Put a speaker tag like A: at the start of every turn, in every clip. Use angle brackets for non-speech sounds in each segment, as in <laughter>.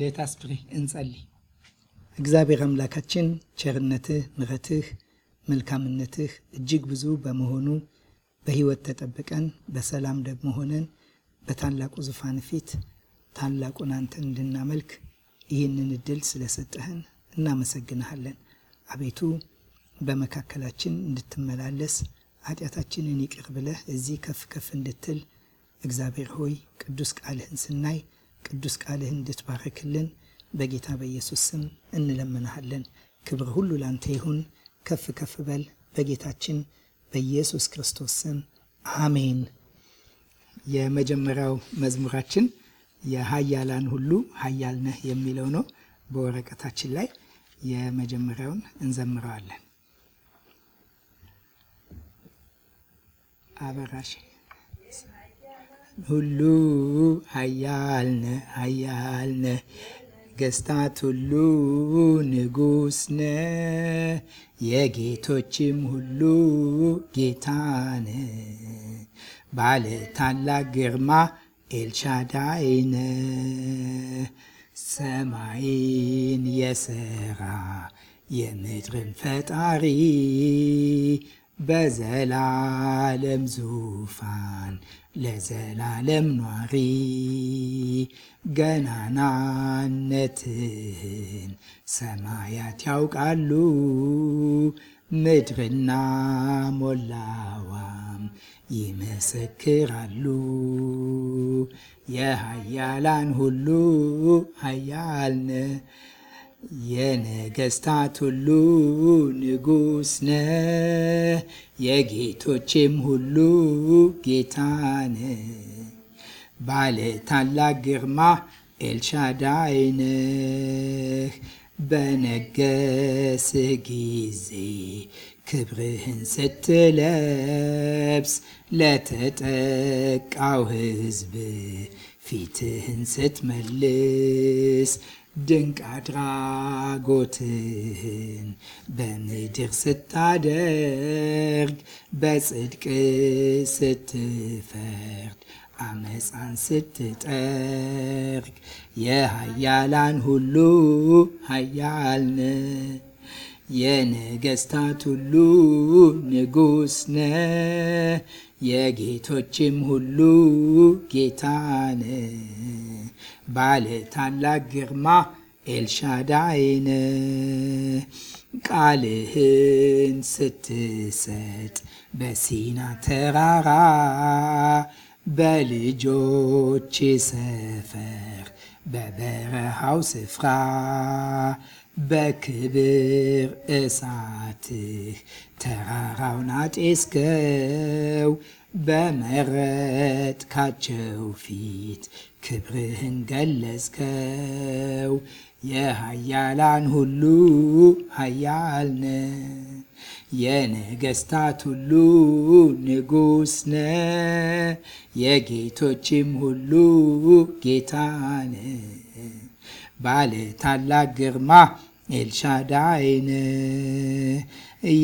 A: ሌታስ <laughs> እንጸልይ። እግዚአብሔር አምላካችን ቸርነትህ፣ ምረትህ መልካምነትህ እጅግ ብዙ በመሆኑ በህይወት ተጠብቀን በሰላም ደግሞ ሆነን በታላቁ ዙፋን ፊት ታላቁን አንተን እንድናመልክ ይህንን እድል ስለሰጠህን እናመሰግንሃለን። አቤቱ በመካከላችን እንድትመላለስ ኃጢአታችንን ይቅር ብለህ እዚህ ከፍ ከፍ እንድትል እግዚአብሔር ሆይ ቅዱስ ቃልህን ስናይ ቅዱስ ቃልህን እንድትባረክልን በጌታ በኢየሱስ ስም እንለምናሃለን። ክብር ሁሉ ላንተ ይሁን። ከፍ ከፍ በል በጌታችን በኢየሱስ ክርስቶስ ስም አሜን። የመጀመሪያው መዝሙራችን የሀያላን ሁሉ ሀያል ነህ የሚለው ነው። በወረቀታችን ላይ የመጀመሪያውን እንዘምረዋለን። አበራሽ ሁሉ ኃያልነ ኃያልነ ገስታት ሁሉ ንጉስነ የጌቶችም ሁሉ ጌታነ ባለ ታላቅ ግርማ ኤልሻዳይነ ሰማይን የሰራ የምድርን ፈጣሪ በዘላለም ዙፋን ለዘላለም ኗሪ ገናናነትን ሰማያት ያውቃሉ፣ ምድርና ሞላዋም ይመሰክራሉ። የሀያላን ሁሉ ኃያልነ የነገስታት ሁሉ ንጉስ ነ የጌቶችም ሁሉ ጌታ ነ ባለ ታላቅ ግርማ ኤልሻዳይ ነህ። በነገስ ጊዜ ክብርህን ስትለብስ ለተጠቃው ሕዝብ ፊትህን ስትመልስ ድንቅ አድራጎትን በምድር ስታደርግ በጽድቅ ስትፈርድ አመፃን ስትጠርግ የሀያላን ሁሉ ሀያልነ የነገስታት ሁሉ ንጉስ ነ የጌቶችም ሁሉ ጌታን ባለ ታላቅ ግርማ ኤልሻዳይን ቃልህን ስትሰጥ በሲና ተራራ በልጆች ሰፈር በበረሃው ስፍራ በክብር እሳትህ ተራራውን አጤስከው በመረጥካቸው ፊት ክብርህን ገለጽከው። የሀያላን ሁሉ ሀያል ነህ፣ ሁሉ ንጉስ ነህ፣ የጌቶችም ሁሉ ጌታ ነህ። ባለ ታላቅ ግርማ ኤልሻዳይን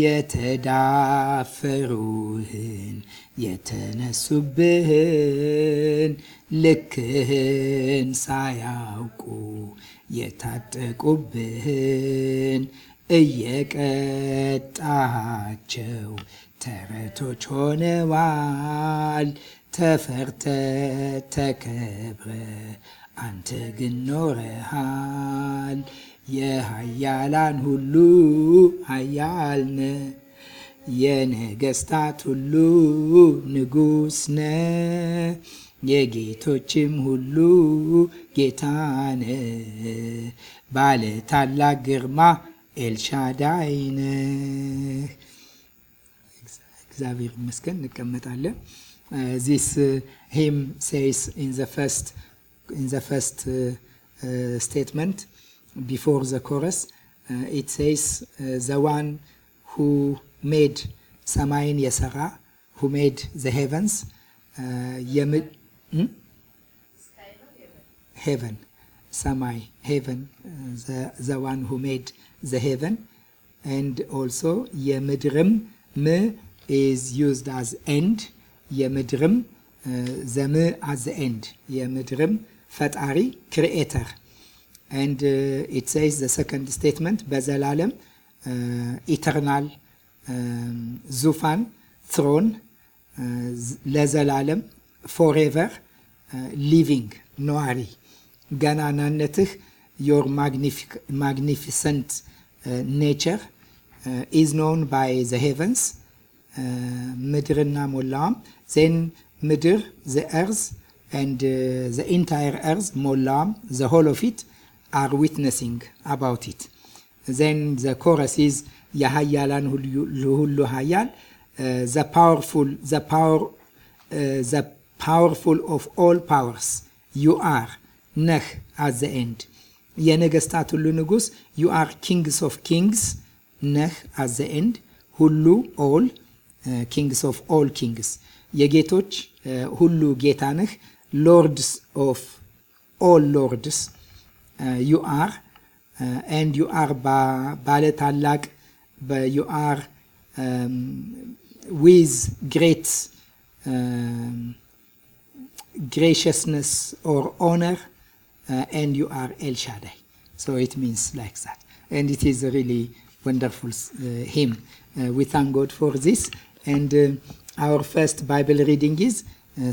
A: የተዳፈሩህን የተነሱብህን ልክህን ሳያውቁ የታጠቁብህን እየቀጣቸው ተረቶች ሆነዋል። ተፈርተ ተከብረ አንተ ግን ኖረሃል የኃያላን ሁሉ ኃያልነ የነገስታት ሁሉ ንጉስነ የጌቶችም ሁሉ ጌታነ ባለ ታላቅ ግርማ ኤልሻዳይነ እግዚአብሔር ይመስገን። እንቀመጣለን ዚስ ሂም ሴይስ ኢን ዘ ፈርስት in the first uh, uh, statement before the chorus. Uh, it says, the one who made Samain Yasara, who made the heavens, uh, hmm? heaven, Samai, heaven, uh, the, the one who made the heaven, and also Yemidrim, me is used as end, Yemidrim, uh, the me as the end, Yemidrim, ፈጣሪ ክሪኤተር ኤንድ ኢት ሴይዝ ዘ ሰከንድ ስቴትመንት በዘላለም uh, ኢተርናል um, ዙፋን ትሮን uh, ለዘላለም ፎሬቨር uh, ሊቪንግ ነዋሪ ገናናነትህ ዮር ማግኒፊሰንት ኔቸር ኢዝ ኖውን ባይ ዘ ሄቨንስ ምድርና ሞላዋም ዜን ምድር ዘ ኤርዝ and uh, the entire earth, Molam, the whole of it, are witnessing about it. Then the chorus is Yahyalan Hullu Hayal, uh, the powerful, the power, uh, the powerful of all powers. You are Neh at the end. የነገስታት lunugus, you are kings of kings. ኪንግስ at the end. ኤንድ all, ኦል uh, kings of all kings. የጌቶች ሁሉ ጌታ ነህ lords of all lords uh, you are uh, and you are ባለ but you are um, with great um, graciousness or honor uh, and you are El Shaddai. So it means like that. And it is a really wonderful hymn. we thank God for this. And our first Bible reading is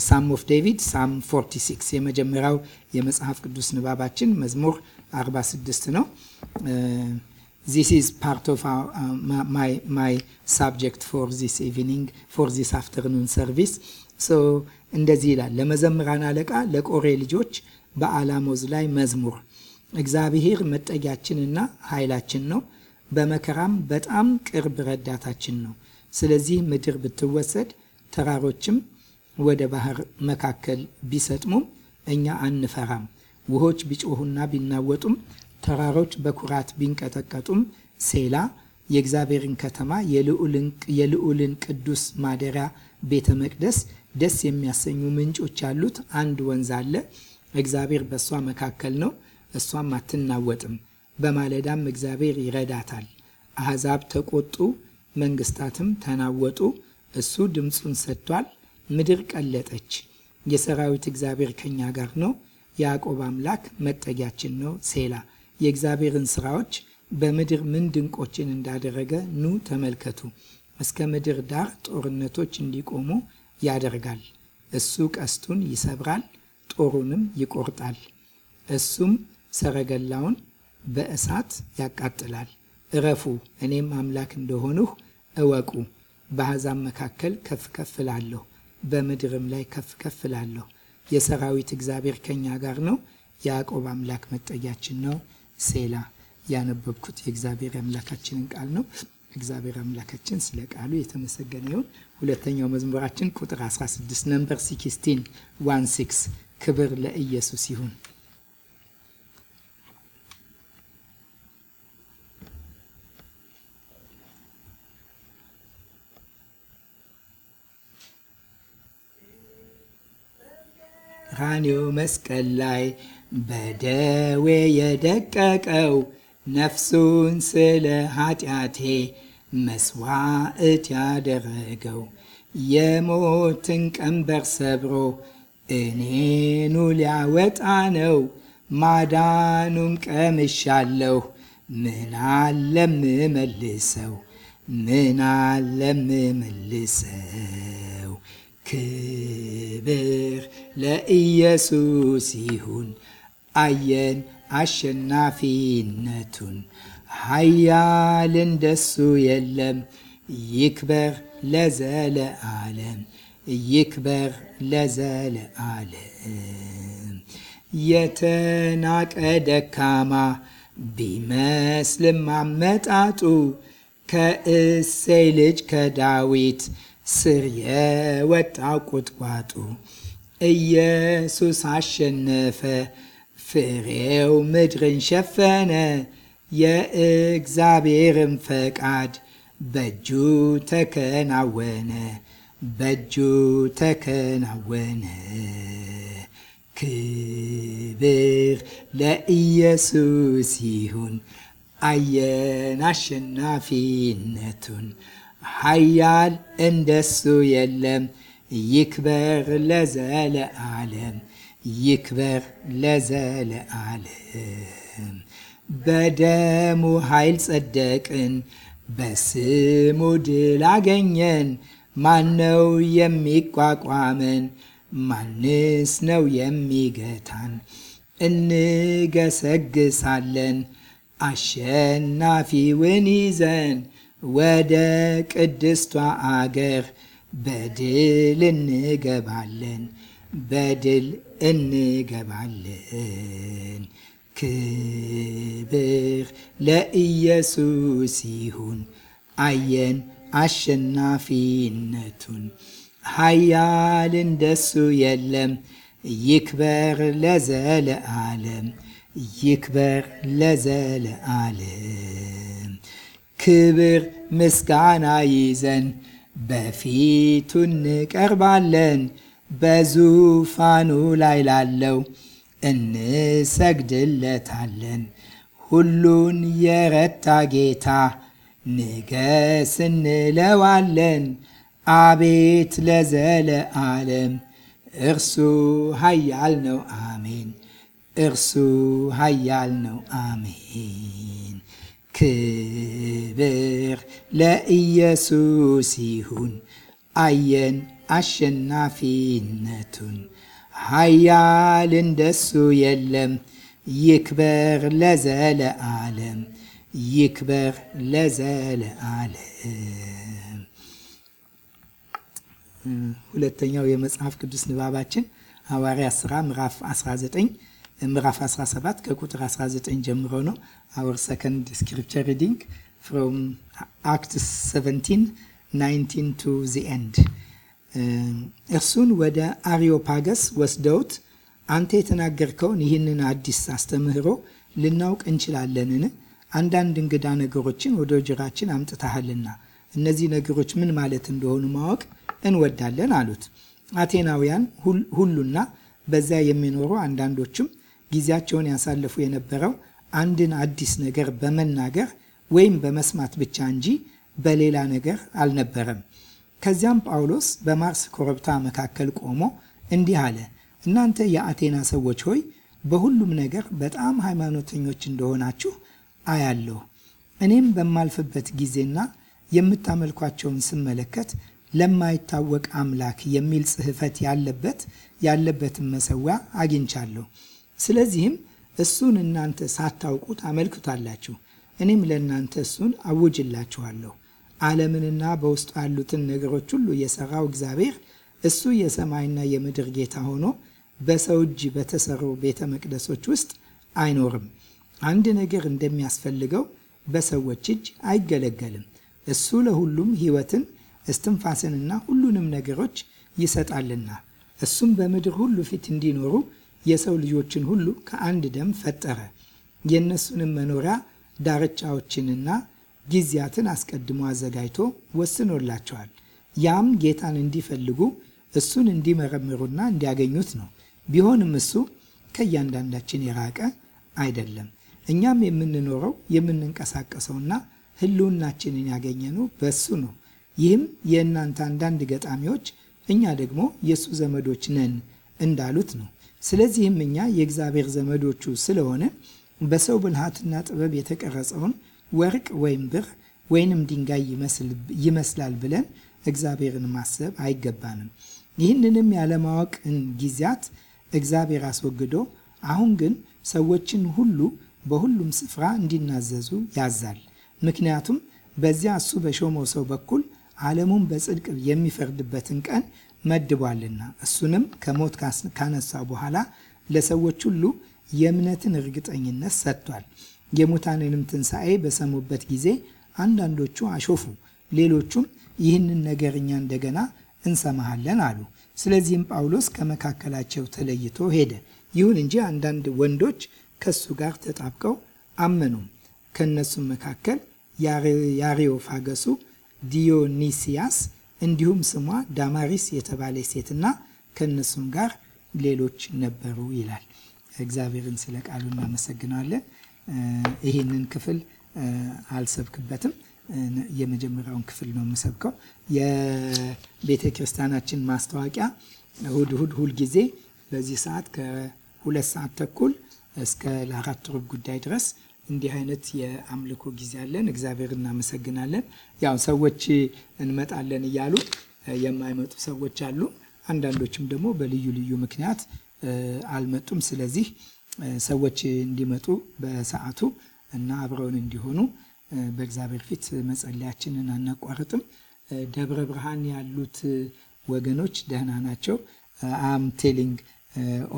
A: ሳም ኦፍ ዴቪድ ሳም 46 የመጀመሪያው የመጽሐፍ ቅዱስ ንባባችን መዝሙር 46 ነው። ዚስ ኢዝ ፓርት ኦፍ ማይ ሳብጀክት ፎር ዚስ ኢቭኒንግ ፎር ዚስ አፍተርኑን ሰርቪስ። እንደዚህ ይላል ለመዘምራን አለቃ ለቆሬ ልጆች በአላሞዝ ላይ መዝሙር። እግዚአብሔር መጠጊያችንና ኃይላችን ነው፣ በመከራም በጣም ቅርብ ረዳታችን ነው። ስለዚህ ምድር ብትወሰድ ተራሮችም ወደ ባህር መካከል ቢሰጥሙም እኛ አንፈራም። ውሆች ቢጮሁና ቢናወጡም፣ ተራሮች በኩራት ቢንቀጠቀጡም፣ ሴላ የእግዚአብሔርን ከተማ የልዑልን ቅዱስ ማደሪያ ቤተ መቅደስ ደስ የሚያሰኙ ምንጮች ያሉት አንድ ወንዝ አለ። እግዚአብሔር በእሷ መካከል ነው፣ እሷም አትናወጥም። በማለዳም እግዚአብሔር ይረዳታል። አሕዛብ ተቆጡ፣ መንግስታትም ተናወጡ። እሱ ድምፁን ሰጥቷል፣ ምድር ቀለጠች። የሰራዊት እግዚአብሔር ከኛ ጋር ነው፣ የያዕቆብ አምላክ መጠጊያችን ነው። ሴላ የእግዚአብሔርን ስራዎች በምድር ምን ድንቆችን እንዳደረገ ኑ ተመልከቱ። እስከ ምድር ዳር ጦርነቶች እንዲቆሙ ያደርጋል። እሱ ቀስቱን ይሰብራል፣ ጦሩንም ይቆርጣል። እሱም ሰረገላውን በእሳት ያቃጥላል። እረፉ፣ እኔም አምላክ እንደሆንሁ እወቁ። በአሕዛብ መካከል ከፍ ከፍ እላለሁ። በምድርም ላይ ከፍ ከፍ ላለሁ። የሰራዊት እግዚአብሔር ከኛ ጋር ነው፣ ያዕቆብ አምላክ መጠጊያችን ነው። ሴላ ያነበብኩት የእግዚአብሔር አምላካችንን ቃል ነው። እግዚአብሔር አምላካችን ስለ ቃሉ የተመሰገነ ይሁን። ሁለተኛው መዝሙራችን ቁጥር 16 ነምበር 16 ክብር ለኢየሱስ ይሁን። በቀራኔው መስቀል ላይ በደዌ የደቀቀው ነፍሱን ስለ ኃጢአቴ መስዋዕት ያደረገው የሞትን ቀንበር ሰብሮ እኔኑ ሊያወጣ ነው። ማዳኑን ቀምሻለሁ። ምናለም መልሰው ምናለም መልሰው ክብር ለኢየሱስ ይሁን። አየን አሸናፊነቱን ኃያል እንደሱ የለም። ይክበር ለዘለ ዓለም ይክበር ለዘለ ዓለም የተናቀ ደካማ ቢመስልም አመጣጡ ከእሴይ ልጅ ከዳዊት ስር የወጣ ቁጥቋጦ ኢየሱስ አሸነፈ፣ ፍሬው ምድርን ሸፈነ። የእግዚአብሔርም ፈቃድ በእጁ ተከናወነ፣ በእጁ ተከናወነ። ክብር ለኢየሱስ ይሁን፣ አየን አሸናፊነቱን ኃያል እንደሱ የለም። ይክበር ለዘለ አለም ይክበር ለዘለ አለም በደሙ ኃይል ጸደቅን፣ በስሙ ድል አገኘን። ማነው የሚቋቋመን? ማንስ ነው የሚገታን? እንገሰግሳለን አሸናፊውን ይዘን ወደ ቅድስቷ አገር በድል እንገባለን፣ በድል እንገባለን። ክብር ለኢየሱስ ይሁን። አየን አሸናፊነቱን፣ ኃያል እንደሱ የለም። ይክበር ለዘለዓለም፣ ይክበር ለዘለዓለም። ክብር ምስጋና ይዘን በፊቱ እንቀርባለን። በዙፋኑ ላይ ላለው እንሰግድለታለን። ሁሉን የረታ ጌታ ንገስ እንለዋለን። አቤት ለዘለ ዓለም እርሱ ኃያል ነው አሜን። እርሱ ኃያል ነው አሜን። ክብር ለኢየሱስ ይሁን። አየን አሸናፊነቱን ኃያል እንደሱ የለም። ይክበር ለዘለ ዓለም ይክበር ለዘለ ዓለም። ሁለተኛው የመጽሐፍ ቅዱስ ንባባችን ሐዋርያ ሥራ ምዕራፍ 19 ምዕራፍ 17 ከቁጥር 19 ጀምሮ ነው። አወር ሰከንድ ስክሪፕቸር ሪዲንግ ፍሮም አክት 17 19 ቱ ኤንድ። እርሱን ወደ አሪዮፓገስ ወስደውት አንተ የተናገርከውን ይህንን አዲስ አስተምህሮ ልናውቅ እንችላለንን? አንዳንድ እንግዳ ነገሮችን ወደ ጅራችን አምጥተሃልና እነዚህ ነገሮች ምን ማለት እንደሆኑ ማወቅ እንወዳለን አሉት። አቴናውያን ሁሉና በዚያ የሚኖሩ አንዳንዶችም ጊዜያቸውን ያሳልፉ የነበረው አንድን አዲስ ነገር በመናገር ወይም በመስማት ብቻ እንጂ በሌላ ነገር አልነበረም። ከዚያም ጳውሎስ በማርስ ኮረብታ መካከል ቆሞ እንዲህ አለ፣ እናንተ የአቴና ሰዎች ሆይ በሁሉም ነገር በጣም ሃይማኖተኞች እንደሆናችሁ አያለሁ። እኔም በማልፍበት ጊዜና የምታመልኳቸውን ስመለከት ለማይታወቅ አምላክ የሚል ጽሕፈት ያለበት ያለበትን መሰዊያ አግኝቻለሁ። ስለዚህም እሱን እናንተ ሳታውቁት አመልክታላችሁ፣ እኔም ለእናንተ እሱን አውጅላችኋለሁ። ዓለምንና በውስጡ ያሉትን ነገሮች ሁሉ የሰራው እግዚአብሔር እሱ የሰማይና የምድር ጌታ ሆኖ በሰው እጅ በተሰሩ ቤተ መቅደሶች ውስጥ አይኖርም። አንድ ነገር እንደሚያስፈልገው በሰዎች እጅ አይገለገልም። እሱ ለሁሉም ሕይወትን እስትንፋስንና ሁሉንም ነገሮች ይሰጣልና እሱም በምድር ሁሉ ፊት እንዲኖሩ የሰው ልጆችን ሁሉ ከአንድ ደም ፈጠረ፣ የእነሱንም መኖሪያ ዳርቻዎችንና ጊዜያትን አስቀድሞ አዘጋጅቶ ወስኖላቸዋል። ያም ጌታን እንዲፈልጉ እሱን እንዲመረምሩና እንዲያገኙት ነው። ቢሆንም እሱ ከእያንዳንዳችን የራቀ አይደለም። እኛም የምንኖረው የምንንቀሳቀሰውና ሕልውናችንን ያገኘነው በሱ ነው። ይህም የእናንተ አንዳንድ ገጣሚዎች እኛ ደግሞ የእሱ ዘመዶች ነን እንዳሉት ነው። ስለዚህም እኛ የእግዚአብሔር ዘመዶቹ ስለሆነ በሰው ብልሃትና ጥበብ የተቀረጸውን ወርቅ ወይም ብር ወይንም ድንጋይ ይመስላል ብለን እግዚአብሔርን ማሰብ አይገባንም። ይህንንም ያለማወቅን ጊዜያት እግዚአብሔር አስወግዶ አሁን ግን ሰዎችን ሁሉ በሁሉም ስፍራ እንዲናዘዙ ያዛል። ምክንያቱም በዚያ እሱ በሾመው ሰው በኩል ዓለሙን በጽድቅ የሚፈርድበትን ቀን መድቧልና እሱንም ከሞት ካነሳ በኋላ ለሰዎች ሁሉ የእምነትን እርግጠኝነት ሰጥቷል። የሙታንንም ትንሣኤ በሰሙበት ጊዜ አንዳንዶቹ አሾፉ፣ ሌሎቹም ይህንን ነገር እኛ እንደገና እንሰማሃለን አሉ። ስለዚህም ጳውሎስ ከመካከላቸው ተለይቶ ሄደ። ይሁን እንጂ አንዳንድ ወንዶች ከሱ ጋር ተጣብቀው አመኑ። ከእነሱም መካከል የአሪዮፋገሱ ዲዮኒሲያስ እንዲሁም ስሟ ዳማሪስ የተባለ ሴትና ከእነሱም ጋር ሌሎች ነበሩ ይላል። እግዚአብሔርን ስለ ቃሉ እናመሰግነዋለን። ይህንን ክፍል አልሰብክበትም። የመጀመሪያውን ክፍል ነው የምሰብከው። የቤተ ክርስቲያናችን ማስታወቂያ እሁድ እሁድ ሁልጊዜ በዚህ ሰዓት ከሁለት ሰዓት ተኩል እስከ ለአራት ሩብ ጉዳይ ድረስ እንዲህ አይነት የአምልኮ ጊዜ አለን። እግዚአብሔር እናመሰግናለን። ያው ሰዎች እንመጣለን እያሉ የማይመጡ ሰዎች አሉ። አንዳንዶችም ደግሞ በልዩ ልዩ ምክንያት አልመጡም። ስለዚህ ሰዎች እንዲመጡ በሰዓቱ እና አብረውን እንዲሆኑ በእግዚአብሔር ፊት መጸለያችንን አናቋርጥም። ደብረ ብርሃን ያሉት ወገኖች ደህና ናቸው። አም ቴሊንግ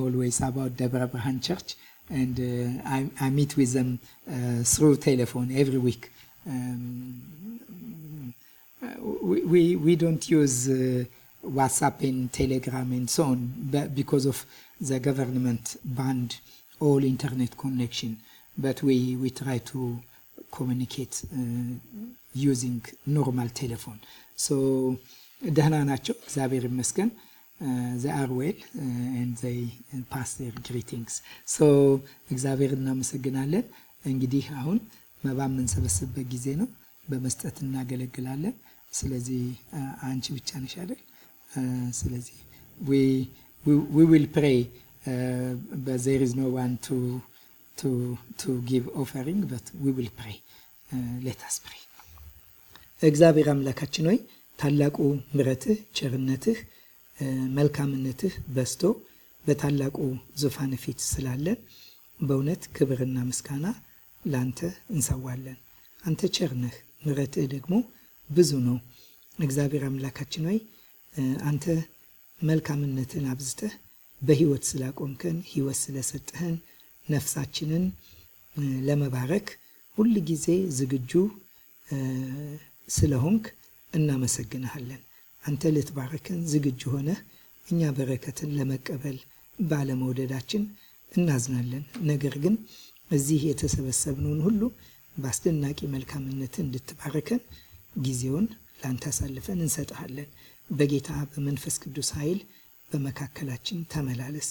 A: ኦልዌይስ አባውት ደብረ ብርሃን ቸርች and uh, I, I, meet with them uh, through telephone every week. Um, we, we, don't use uh, WhatsApp and Telegram and so on, but because of the government banned all internet connection. But we, we try to communicate uh, using normal telephone. So ደህና ናቸው እግዚአብሔር ይመስገን። ዘአርዌል ዘይ ፓስ ዜር ግሪቲንግስ ሶ እግዚአብሔር እናመሰግናለን። እንግዲህ አሁን መባ የምንሰበስብበት ጊዜ ነው። በመስጠት እናገለግላለን። ስለዚህ uh, አንቺ ብቻ ነሽ አይደል? Uh, ስለዚህ ዊ ዊል ፕሬይ ዜር ኢዝ ኖ ዋን ቱ ቱ ቱ ጊቭ ኦፈሪንግ በት ዊ ዊል ፕሬይ ሌታስ ፕሬይ እግዚአብሔር አምላካችን ሆይ ታላቁ ምሕረትህ ቸርነትህ መልካምነትህ በስቶ በታላቁ ዙፋን ፊት ስላለን በእውነት ክብርና ምስጋና ለአንተ እንሰዋለን። አንተ ቸር ነህ፣ ምረትህ ደግሞ ብዙ ነው። እግዚአብሔር አምላካችን ሆይ አንተ መልካምነትን አብዝተህ በህይወት ስላቆምከን፣ ህይወት ስለሰጠህን፣ ነፍሳችንን ለመባረክ ሁል ጊዜ ዝግጁ ስለሆንክ እናመሰግንሃለን። አንተ ልትባረከን ዝግጅ ሆነ እኛ በረከትን ለመቀበል ባለመውደዳችን እናዝናለን። ነገር ግን እዚህ የተሰበሰብነውን ሁሉ በአስደናቂ መልካምነት እንድትባረከን ጊዜውን ላንተ አሳልፈን እንሰጥሃለን። በጌታ በመንፈስ ቅዱስ ኃይል በመካከላችን ተመላለስ።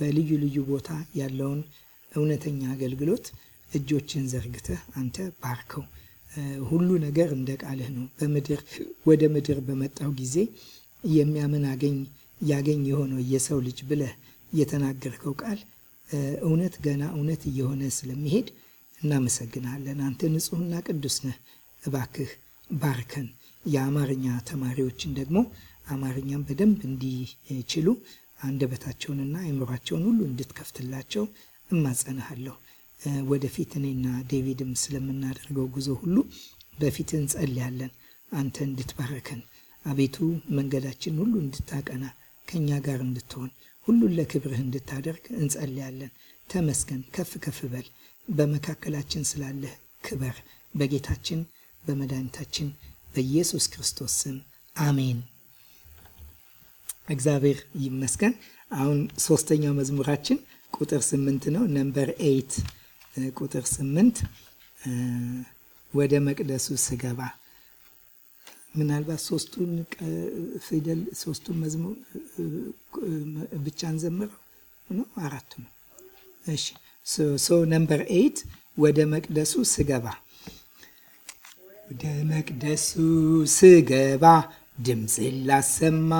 A: በልዩ ልዩ ቦታ ያለውን እውነተኛ አገልግሎት እጆችን ዘርግተህ አንተ ባርከው። ሁሉ ነገር እንደ ቃልህ ነው። በምድር ወደ ምድር በመጣው ጊዜ የሚያምን አገኝ ያገኝ የሆነው የሰው ልጅ ብለህ የተናገርከው ቃል እውነት ገና እውነት እየሆነ ስለሚሄድ እናመሰግናለን። አንተ ንጹሕና ቅዱስ ነህ። እባክህ ባርከን። የአማርኛ ተማሪዎችን ደግሞ አማርኛም በደንብ እንዲችሉ አንደበታቸውንና አይምሯቸውን ሁሉ እንድትከፍትላቸው እማጸናሃለሁ። ወደፊት እኔና ዴቪድም ስለምናደርገው ጉዞ ሁሉ በፊት እንጸልያለን። አንተ እንድትባረከን አቤቱ መንገዳችን ሁሉ እንድታቀና ከእኛ ጋር እንድትሆን ሁሉን ለክብርህ እንድታደርግ እንጸልያለን። ተመስገን፣ ከፍ ከፍ በል፣ በመካከላችን ስላለህ ክበር። በጌታችን በመድኃኒታችን በኢየሱስ ክርስቶስ ስም አሜን። እግዚአብሔር ይመስገን። አሁን ሶስተኛው መዝሙራችን ቁጥር ስምንት ነው ነምበር ኤይት ቁጥር ስምንት ወደ መቅደሱ ስገባ ምናልባት ሶስቱን ፊደል ሶስቱን መዝሙር ብቻን እንዘምረው ነው? አራቱ ነው። እሺ ሶ ነምበር ኤይት ወደ መቅደሱ ስገባ ወደ መቅደሱ ስገባ ድምፅን ላሰማ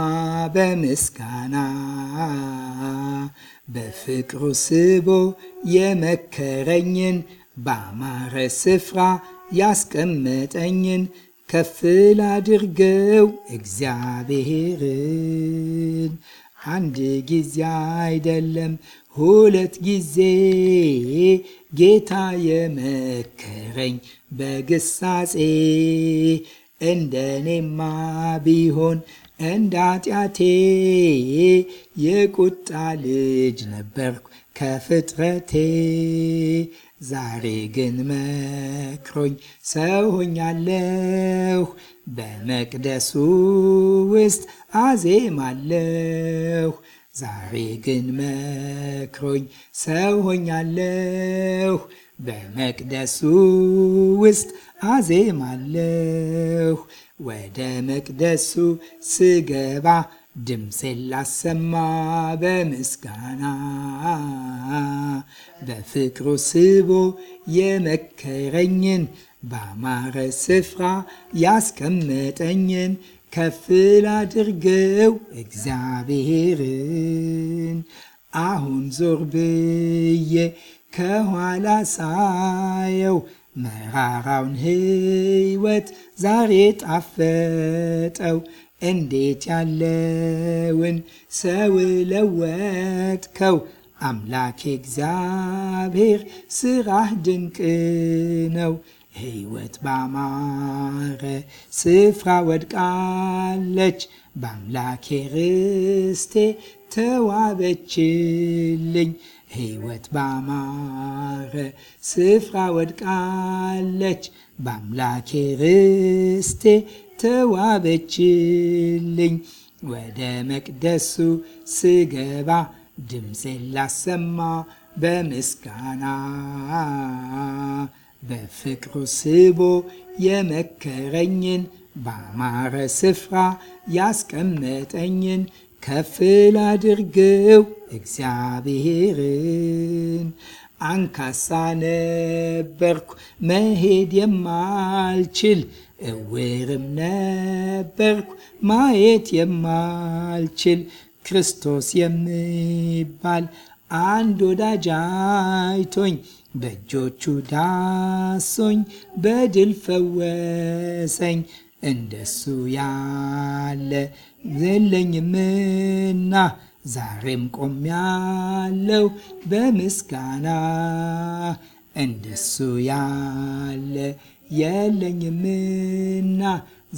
A: በምስጋና በፍቅሩ ስቦ የመከረኝን ባማረ ስፍራ ያስቀመጠኝን ከፍል አድርገው እግዚአብሔርን። አንድ ጊዜ አይደለም ሁለት ጊዜ ጌታ የመከረኝ በግሳጼ እንደኔማ ቢሆን እንደ አጢአቴ የቁጣ ልጅ ነበርኩ ከፍጥረቴ ዛሬ ግን መክሮኝ ሰው ሆኛለሁ። በመቅደሱ ውስጥ አዜማለሁ። ዛሬ ግን መክሮኝ ሰው ሆኛለሁ። በመቅደሱ ውስጥ አዜማለሁ ወደ መቅደሱ ስገባ ድምፄን ላሰማ በምስጋና በፍቅሩ ስቦ የመከረኝን ባማረ ስፍራ ያስቀመጠኝን ከፍል አድርገው እግዚአብሔርን። አሁን ዞር ብዬ ከኋላ ሳየው መራራውን ሕይወት ዛሬ ጣፈጠው እንዴት ያለውን ሰው ለወጥከው አምላኬ እግዚአብሔር ስራህ ድንቅ ነው። ሕይወት ባማረ ስፍራ ወድቃለች፣ በአምላኬ ርስቴ ተዋበችልኝ። ሕይወት ባማረ ስፍራ ወድቃለች፣ በአምላኬ ርስቴ ተዋበችልኝ። ወደ መቅደሱ ስገባ ድምፄ ላሰማ በምስጋና በፍቅሩ ስቦ የመከረኝን ባማረ ስፍራ ያስቀመጠኝን ከፍ ላድርገው እግዚአብሔርን። አንካሳ ነበርኩ መሄድ የማልችል እውርም ነበርኩ ማየት የማልችል ክርስቶስ የሚባል አንድ ወዳጅ አይቶኝ በእጆቹ ዳሶኝ በድል ፈወሰኝ። እንደሱ ያለ የለኝምና ዛሬም ቆሜያለሁ በምስጋና እንደሱ ያለ የለኝምና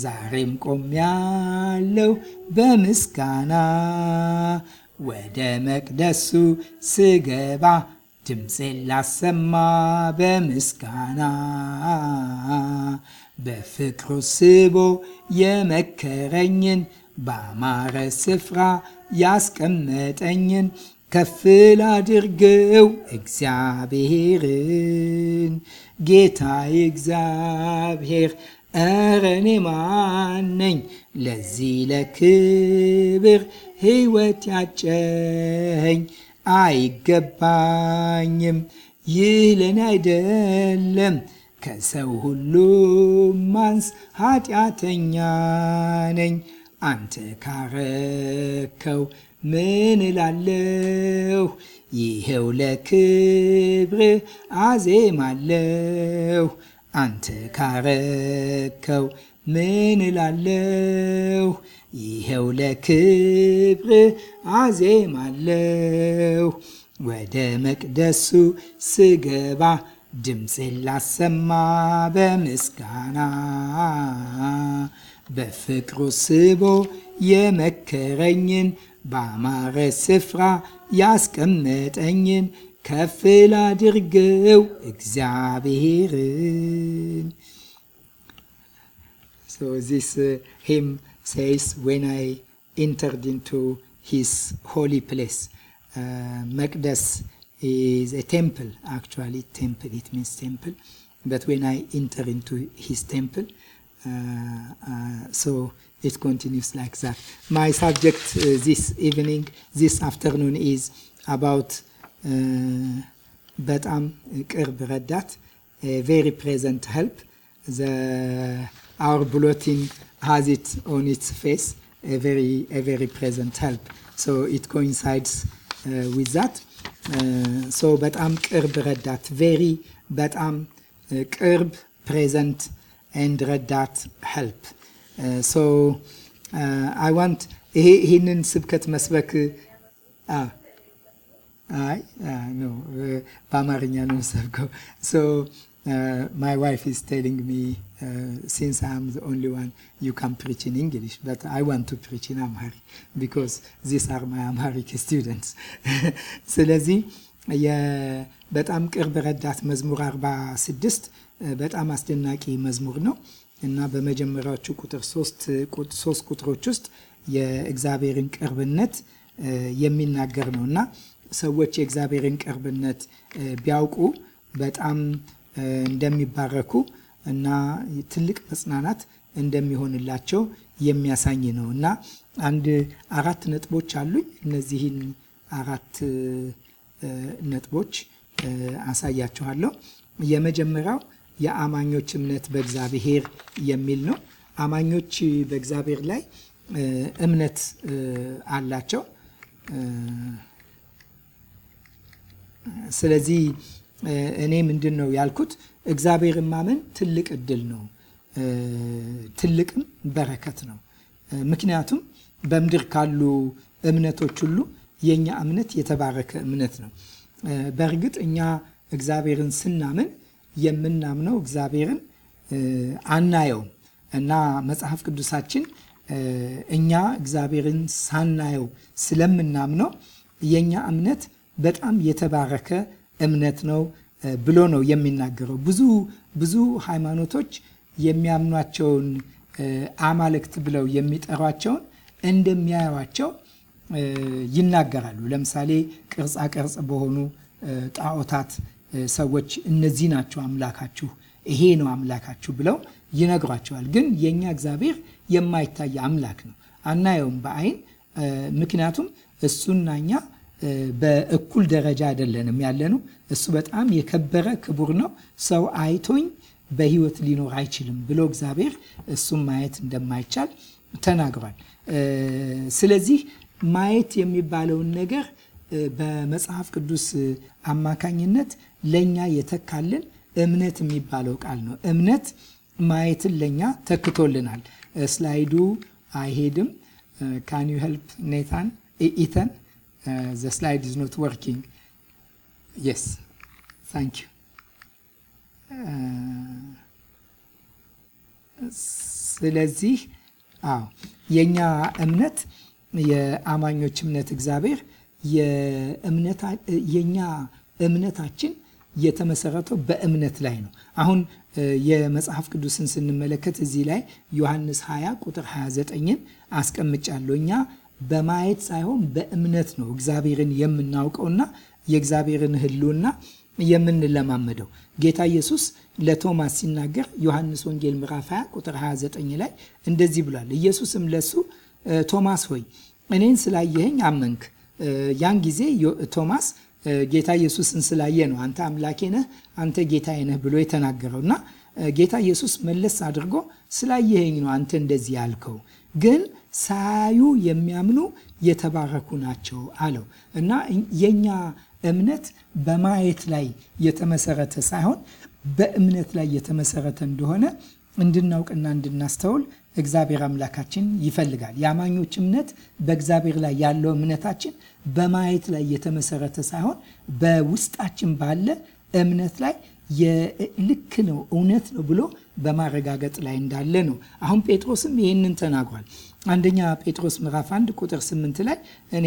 A: ዛሬም ቆሜያለሁ በምስጋና ወደ መቅደሱ ስገባ ድምፄ ላሰማ በምስጋና በፍቅሩ ስቦ የመከረኝን በአማረ ስፍራ ያስቀመጠኝን ከፍል አድርገው እግዚአብሔርን ጌታ እግዚአብሔር እረ እኔ ማነኝ ለዚህ ለክብር ሕይወት ያጨኸኝ አይገባኝም ይህ ለኔ አይደለም ከሰው ሁሉ ማንስ ኃጢአተኛ ነኝ አንተ ካረከው ምን እላለሁ? ይኸው ለክብር አዜማለሁ። አንተ ካረከው ምን እላለሁ? ይኸው ለክብር አዜማለሁ። ወደ መቅደሱ ስገባ ድምፅን ላሰማ በምስጋና በፍቅሩ ስቦ የመከረኝን ባማረ ስፍራ ያስቀመጠኝን ከፍ ላድርገው እግዚአብሔርን። So this uh, hymn says, when I entered into his holy place, uh, Maqdas is a temple, actually temple, it means temple. But when I enter into his temple, Uh, uh, so it continues like that. My subject uh, this evening, this afternoon, is about Betam uh, Redat, a very present help. The, our bulletin has it on its face, a very, a very present help. So it coincides with that. Uh, so Betam Kerb Redat, very Betam Kerb present and read that help. Uh, so uh, I want in Sibkat Masbek. Ah, I ah, no, uh, Bamarinya no Sabko. So my wife is telling me, since I'm the only one, you can preach in English, but I want to preach in Amharic because these are my Amharic <laughs> students. <laughs> so, let Yeah, but I'm that Mazmur Arba Siddist. በጣም አስደናቂ መዝሙር ነው እና በመጀመሪያዎቹ ቁጥር ሶስት ቁጥሮች ውስጥ የእግዚአብሔርን ቅርብነት የሚናገር ነው እና ሰዎች የእግዚአብሔርን ቅርብነት ቢያውቁ በጣም እንደሚባረኩ እና ትልቅ መጽናናት እንደሚሆንላቸው የሚያሳይ ነው እና አንድ አራት ነጥቦች አሉኝ። እነዚህን አራት ነጥቦች አሳያችኋለሁ። የመጀመሪያው የአማኞች እምነት በእግዚአብሔር የሚል ነው። አማኞች በእግዚአብሔር ላይ እምነት አላቸው። ስለዚህ እኔ ምንድን ነው ያልኩት? እግዚአብሔርን ማመን ትልቅ እድል ነው፣ ትልቅም በረከት ነው። ምክንያቱም በምድር ካሉ እምነቶች ሁሉ የእኛ እምነት የተባረከ እምነት ነው። በእርግጥ እኛ እግዚአብሔርን ስናምን የምናምነው እግዚአብሔርን አናየውም እና መጽሐፍ ቅዱሳችን እኛ እግዚአብሔርን ሳናየው ስለምናምነው የእኛ እምነት በጣም የተባረከ እምነት ነው ብሎ ነው የሚናገረው። ብዙ ብዙ ሃይማኖቶች የሚያምኗቸውን አማልክት ብለው የሚጠሯቸውን እንደሚያዩዋቸው ይናገራሉ። ለምሳሌ ቅርጻ ቅርጽ በሆኑ ጣዖታት ሰዎች እነዚህ ናቸው አምላካችሁ፣ ይሄ ነው አምላካችሁ ብለው ይነግሯቸዋል። ግን የእኛ እግዚአብሔር የማይታይ አምላክ ነው። አናየውም በአይን ምክንያቱም እሱና እኛ በእኩል ደረጃ አይደለንም ያለነው። እሱ በጣም የከበረ ክቡር ነው። ሰው አይቶኝ በህይወት ሊኖር አይችልም ብሎ እግዚአብሔር እሱን ማየት እንደማይቻል ተናግሯል። ስለዚህ ማየት የሚባለውን ነገር በመጽሐፍ ቅዱስ አማካኝነት ለእኛ የተካልን እምነት የሚባለው ቃል ነው። እምነት ማየትን ለእኛ ተክቶልናል። ስላይዱ አይሄድም። ካን ዩ ሄልፕ ኔታን ኢተን ዘ ስላይድ ኢዝ ኖት ወርኪንግ የስ ታንክ ዩ ስለዚህ አዎ የእኛ እምነት የአማኞች እምነት እግዚአብሔር የእኛ እምነታችን የተመሰረተው በእምነት ላይ ነው። አሁን የመጽሐፍ ቅዱስን ስንመለከት እዚህ ላይ ዮሐንስ 20 ቁጥር 29ን አስቀምጫለሁ። እኛ በማየት ሳይሆን በእምነት ነው እግዚአብሔርን የምናውቀውና የእግዚአብሔርን ሕልውና የምንለማመደው። ጌታ ኢየሱስ ለቶማስ ሲናገር ዮሐንስ ወንጌል ምዕራፍ 20 ቁጥር 29 ላይ እንደዚህ ብሏል። ኢየሱስም ለሱ ቶማስ ሆይ እኔን ስላየኸኝ አመንክ ያን ጊዜ ቶማስ ጌታ ኢየሱስን ስላየ ነው አንተ አምላኬ ነህ፣ አንተ ጌታዬ ነህ ብሎ የተናገረው እና ጌታ ኢየሱስ መለስ አድርጎ ስላየኸኝ ነው አንተ እንደዚህ ያልከው፣ ግን ሳያዩ የሚያምኑ የተባረኩ ናቸው አለው እና የእኛ እምነት በማየት ላይ የተመሰረተ ሳይሆን በእምነት ላይ የተመሰረተ እንደሆነ እንድናውቅና እንድናስተውል እግዚአብሔር አምላካችን ይፈልጋል። የአማኞች እምነት በእግዚአብሔር ላይ ያለው እምነታችን በማየት ላይ የተመሰረተ ሳይሆን በውስጣችን ባለ እምነት ላይ ልክ ነው እውነት ነው ብሎ በማረጋገጥ ላይ እንዳለ ነው። አሁን ጴጥሮስም ይህንን ተናግሯል። አንደኛ ጴጥሮስ ምዕራፍ አንድ ቁጥር ስምንት ላይ እኔ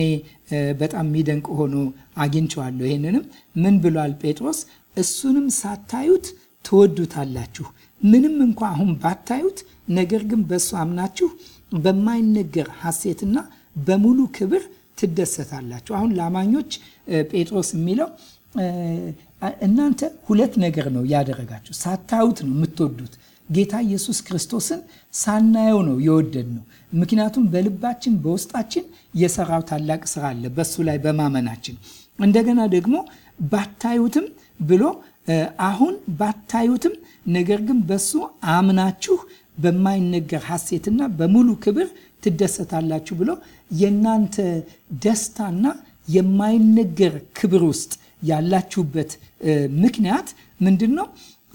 A: በጣም የሚደንቅ ሆኖ አግኝቸዋለሁ። ይህንንም ምን ብሏል ጴጥሮስ? እሱንም ሳታዩት ትወዱታላችሁ። ምንም እንኳ አሁን ባታዩት፣ ነገር ግን በእሱ አምናችሁ በማይነገር ሐሴትና በሙሉ ክብር ትደሰታላችሁ። አሁን ለአማኞች ጴጥሮስ የሚለው እናንተ ሁለት ነገር ነው ያደረጋችሁ። ሳታዩት ነው የምትወዱት። ጌታ ኢየሱስ ክርስቶስን ሳናየው ነው የወደድ ነው። ምክንያቱም በልባችን በውስጣችን የሰራው ታላቅ ስራ አለ በሱ ላይ በማመናችን እንደገና ደግሞ ባታዩትም ብሎ አሁን ባታዩትም ነገር ግን በሱ አምናችሁ በማይነገር ሐሴትና በሙሉ ክብር ትደሰታላችሁ ብሎ የእናንተ ደስታና የማይነገር ክብር ውስጥ ያላችሁበት ምክንያት ምንድን ነው?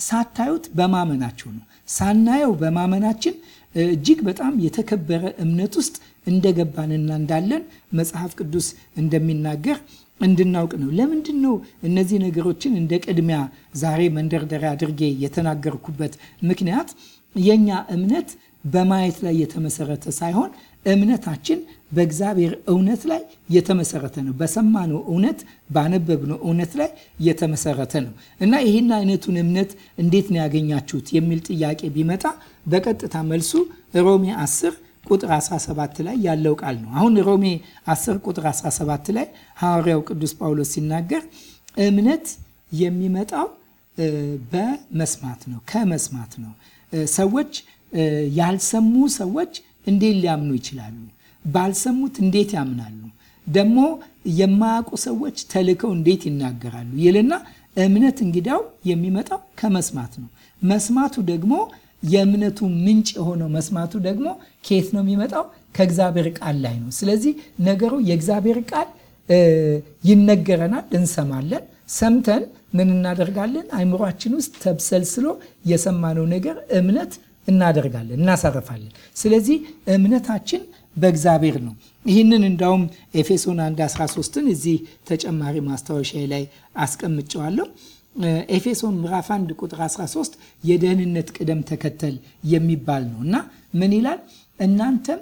A: ሳታዩት በማመናችሁ ነው። ሳናየው በማመናችን እጅግ በጣም የተከበረ እምነት ውስጥ እንደገባንና እንዳለን መጽሐፍ ቅዱስ እንደሚናገር እንድናውቅ ነው። ለምንድን ነው እነዚህ ነገሮችን እንደ ቅድሚያ ዛሬ መንደርደሪያ አድርጌ የተናገርኩበት ምክንያት የእኛ እምነት በማየት ላይ የተመሰረተ ሳይሆን እምነታችን በእግዚአብሔር እውነት ላይ የተመሰረተ ነው። በሰማነው እውነት፣ ባነበብነው እውነት ላይ የተመሰረተ ነው እና ይህን አይነቱን እምነት እንዴት ነው ያገኛችሁት የሚል ጥያቄ ቢመጣ በቀጥታ መልሱ ሮሜ 10 ቁጥር 17 ላይ ያለው ቃል ነው። አሁን ሮሜ 10 ቁጥር 17 ላይ ሐዋርያው ቅዱስ ጳውሎስ ሲናገር እምነት የሚመጣው በመስማት ነው፣ ከመስማት ነው። ሰዎች ያልሰሙ ሰዎች እንዴት ሊያምኑ ይችላሉ? ባልሰሙት እንዴት ያምናሉ? ደግሞ የማያውቁ ሰዎች ተልከው እንዴት ይናገራሉ? ይልና እምነት እንግዲያው የሚመጣው ከመስማት ነው። መስማቱ ደግሞ የእምነቱ ምንጭ የሆነው መስማቱ ደግሞ ከየት ነው የሚመጣው? ከእግዚአብሔር ቃል ላይ ነው። ስለዚህ ነገሩ የእግዚአብሔር ቃል ይነገረናል፣ እንሰማለን። ሰምተን ምን እናደርጋለን? አይምሯችን ውስጥ ተብሰልስሎ የሰማነው ነገር እምነት እናደርጋለን፣ እናሳርፋለን። ስለዚህ እምነታችን በእግዚአብሔር ነው። ይህንን እንዳውም ኤፌሶን 1 13ን እዚህ ተጨማሪ ማስታወሻ ላይ አስቀምጨዋለሁ። ኤፌሶን ምዕራፍ 1 ቁጥር 13 የደህንነት ቅደም ተከተል የሚባል ነው እና ምን ይላል? እናንተም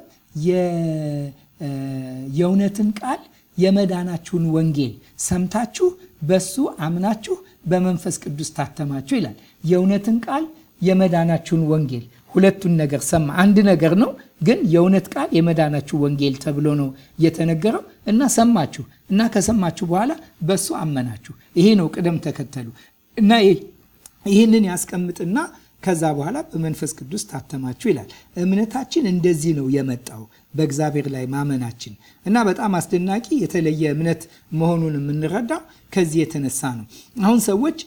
A: የእውነትን ቃል የመዳናችሁን ወንጌል ሰምታችሁ በሱ አምናችሁ በመንፈስ ቅዱስ ታተማችሁ ይላል። የእውነትን ቃል የመዳናችሁን ወንጌል ሁለቱን ነገር ሰማ። አንድ ነገር ነው፣ ግን የእውነት ቃል የመዳናችሁ ወንጌል ተብሎ ነው የተነገረው። እና ሰማችሁ እና ከሰማችሁ በኋላ በሱ አመናችሁ። ይሄ ነው ቅደም ተከተሉ እና ይህንን ያስቀምጥና ከዛ በኋላ በመንፈስ ቅዱስ ታተማችሁ ይላል። እምነታችን እንደዚህ ነው የመጣው በእግዚአብሔር ላይ ማመናችን እና በጣም አስደናቂ የተለየ እምነት መሆኑን የምንረዳው ከዚህ የተነሳ ነው። አሁን ሰዎች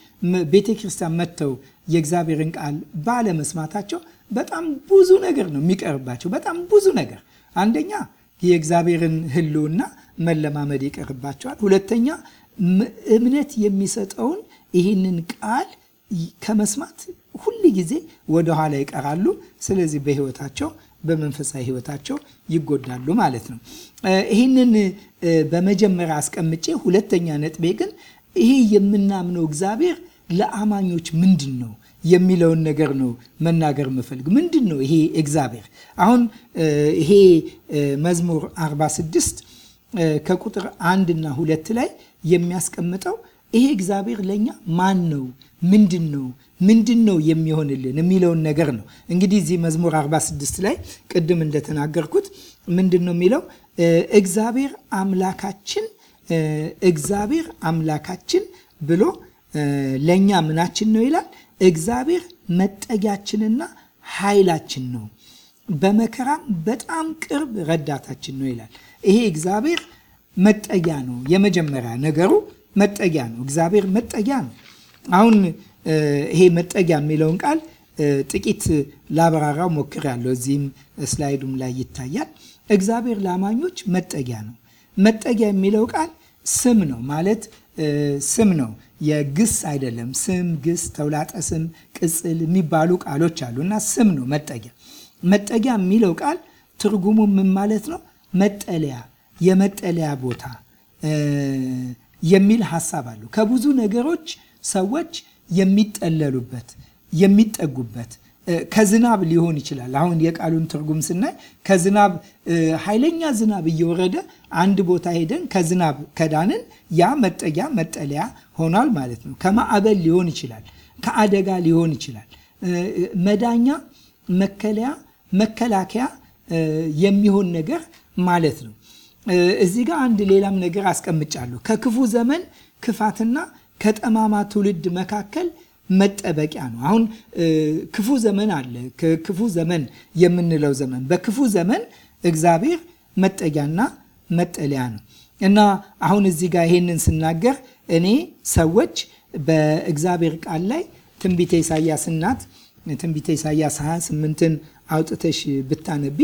A: ቤተ ክርስቲያን መጥተው የእግዚአብሔርን ቃል ባለመስማታቸው በጣም ብዙ ነገር ነው የሚቀርባቸው። በጣም ብዙ ነገር አንደኛ የእግዚአብሔርን ሕልውና መለማመድ ይቀርባቸዋል። ሁለተኛ እምነት የሚሰጠውን ይህንን ቃል ከመስማት ሁል ጊዜ ወደኋላ ይቀራሉ። ስለዚህ በህይወታቸው በመንፈሳዊ ህይወታቸው ይጎዳሉ ማለት ነው። ይህንን በመጀመሪያ አስቀምጬ፣ ሁለተኛ ነጥቤ ግን ይሄ የምናምነው እግዚአብሔር ለአማኞች ምንድን ነው የሚለውን ነገር ነው መናገር የምፈልግ። ምንድን ነው ይሄ እግዚአብሔር? አሁን ይሄ መዝሙር 46 ከቁጥር አንድና ሁለት ላይ የሚያስቀምጠው ይሄ እግዚአብሔር ለእኛ ማን ነው? ምንድን ነው? ምንድን ነው የሚሆንልን የሚለውን ነገር ነው። እንግዲህ እዚህ መዝሙር 46 ላይ ቅድም እንደተናገርኩት ምንድን ነው የሚለው እግዚአብሔር አምላካችን እግዚአብሔር አምላካችን ብሎ ለእኛ ምናችን ነው ይላል። እግዚአብሔር መጠጊያችንና ኃይላችን ነው በመከራም በጣም ቅርብ ረዳታችን ነው ይላል። ይሄ እግዚአብሔር መጠጊያ ነው። የመጀመሪያ ነገሩ መጠጊያ ነው። እግዚአብሔር መጠጊያ ነው። አሁን ይሄ መጠጊያ የሚለውን ቃል ጥቂት ላብራራው ሞክሬያለሁ። እዚህም ስላይዱም ላይ ይታያል። እግዚአብሔር ለአማኞች መጠጊያ ነው። መጠጊያ የሚለው ቃል ስም ነው ማለት ስም ነው። የግስ አይደለም። ስም፣ ግስ፣ ተውላጠ ስም፣ ቅጽል የሚባሉ ቃሎች አሉ እና ስም ነው መጠጊያ መጠጊያ የሚለው ቃል ትርጉሙ ምን ማለት ነው? መጠለያ፣ የመጠለያ ቦታ የሚል ሀሳብ አለው። ከብዙ ነገሮች ሰዎች የሚጠለሉበት የሚጠጉበት ከዝናብ ሊሆን ይችላል። አሁን የቃሉን ትርጉም ስናይ ከዝናብ ኃይለኛ ዝናብ እየወረደ አንድ ቦታ ሄደን ከዝናብ ከዳንን ያ መጠጊያ መጠለያ ሆኗል ማለት ነው። ከማዕበል ሊሆን ይችላል፣ ከአደጋ ሊሆን ይችላል። መዳኛ መከለያ መከላከያ የሚሆን ነገር ማለት ነው። እዚህ ጋር አንድ ሌላም ነገር አስቀምጫለሁ። ከክፉ ዘመን ክፋትና ከጠማማ ትውልድ መካከል መጠበቂያ ነው። አሁን ክፉ ዘመን አለ። ክፉ ዘመን የምንለው ዘመን በክፉ ዘመን እግዚአብሔር መጠጊያና መጠለያ ነው እና አሁን እዚህ ጋር ይሄንን ስናገር እኔ ሰዎች በእግዚአብሔር ቃል ላይ ትንቢተ ኢሳያስ እናት ትንቢተ ኢሳያስ 28ን አውጥተሽ ብታነቢ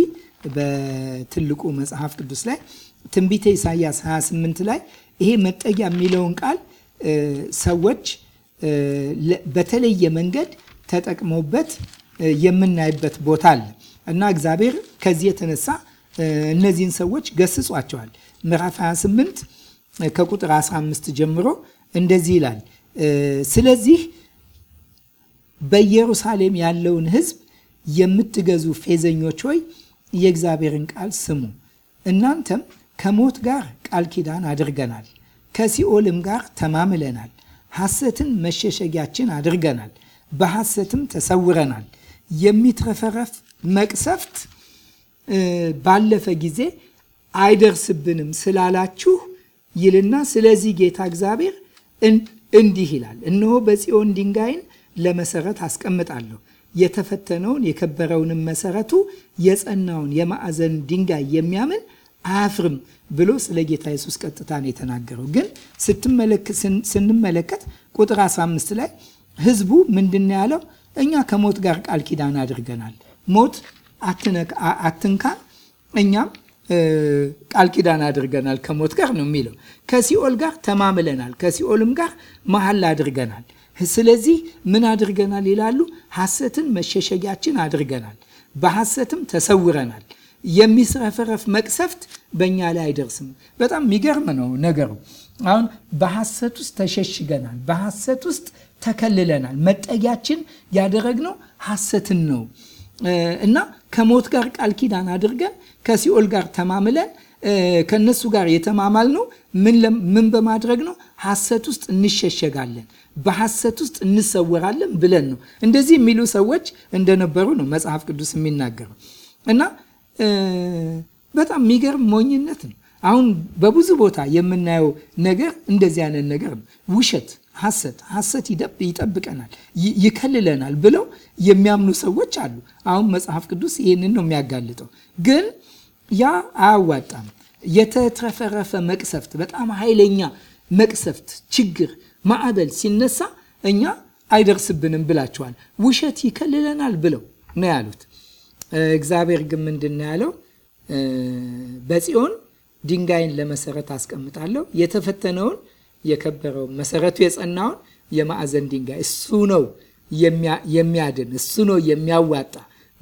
A: በትልቁ መጽሐፍ ቅዱስ ላይ ትንቢተ ኢሳያስ 28 ላይ ይሄ መጠጊያ የሚለውን ቃል ሰዎች በተለየ መንገድ ተጠቅመውበት የምናይበት ቦታ አለ እና እግዚአብሔር ከዚህ የተነሳ እነዚህን ሰዎች ገስጿቸዋል። ምዕራፍ 28 ከቁጥር 15 ጀምሮ እንደዚህ ይላል። ስለዚህ በኢየሩሳሌም ያለውን ሕዝብ የምትገዙ ፌዘኞች ሆይ የእግዚአብሔርን ቃል ስሙ። እናንተም ከሞት ጋር ቃል ኪዳን አድርገናል፣ ከሲኦልም ጋር ተማምለናል፣ ሐሰትን መሸሸጊያችን አድርገናል፣ በሐሰትም ተሰውረናል። የሚትረፈረፍ መቅሰፍት ባለፈ ጊዜ አይደርስብንም ስላላችሁ ይልና ስለዚህ ጌታ እግዚአብሔር እንዲህ ይላል፣ እነሆ በጽዮን ድንጋይን ለመሰረት አስቀምጣለሁ የተፈተነውን የከበረውንም መሰረቱ የጸናውን የማዕዘን ድንጋይ የሚያምን አያፍርም ብሎ ስለ ጌታ ኢየሱስ ቀጥታ ነው የተናገረው። ግን ስንመለከት ቁጥር 15 ላይ ህዝቡ ምንድን ያለው? እኛ ከሞት ጋር ቃል ኪዳን አድርገናል። ሞት አትንካ፣ እኛም ቃል ኪዳን አድርገናል ከሞት ጋር ነው የሚለው። ከሲኦል ጋር ተማምለናል፣ ከሲኦልም ጋር መሀል አድርገናል። ስለዚህ ምን አድርገናል ይላሉ? ሐሰትን መሸሸጊያችን አድርገናል፣ በሐሰትም ተሰውረናል። የሚስረፈረፍ መቅሰፍት በእኛ ላይ አይደርስም። በጣም የሚገርም ነው ነገሩ። አሁን በሐሰት ውስጥ ተሸሽገናል፣ በሐሰት ውስጥ ተከልለናል። መጠጊያችን ያደረግነው ሐሰትን ነው እና ከሞት ጋር ቃል ኪዳን አድርገን ከሲኦል ጋር ተማምለን ከነሱ ጋር የተማማል ነው። ምን በማድረግ ነው? ሐሰት ውስጥ እንሸሸጋለን፣ በሐሰት ውስጥ እንሰወራለን ብለን ነው። እንደዚህ የሚሉ ሰዎች እንደነበሩ ነው መጽሐፍ ቅዱስ የሚናገረው እና በጣም የሚገርም ሞኝነት ነው። አሁን በብዙ ቦታ የምናየው ነገር እንደዚህ አይነት ነገር ነው። ውሸት፣ ሐሰት ሐሰት ይጠብቀናል፣ ይከልለናል ብለው የሚያምኑ ሰዎች አሉ። አሁን መጽሐፍ ቅዱስ ይህንን ነው የሚያጋልጠው። ግን ያ አያዋጣም። የተትረፈረፈ መቅሰፍት፣ በጣም ኃይለኛ መቅሰፍት፣ ችግር፣ ማዕበል ሲነሳ እኛ አይደርስብንም ብላችኋል። ውሸት ይከልለናል ብለው ነው ያሉት። እግዚአብሔር ግን ምንድን ነው ያለው? በጽዮን ድንጋይን ለመሰረት አስቀምጣለሁ፣ የተፈተነውን የከበረውን መሰረቱ የጸናውን የማዕዘን ድንጋይ እሱ ነው የሚያድን፣ እሱ ነው የሚያዋጣ።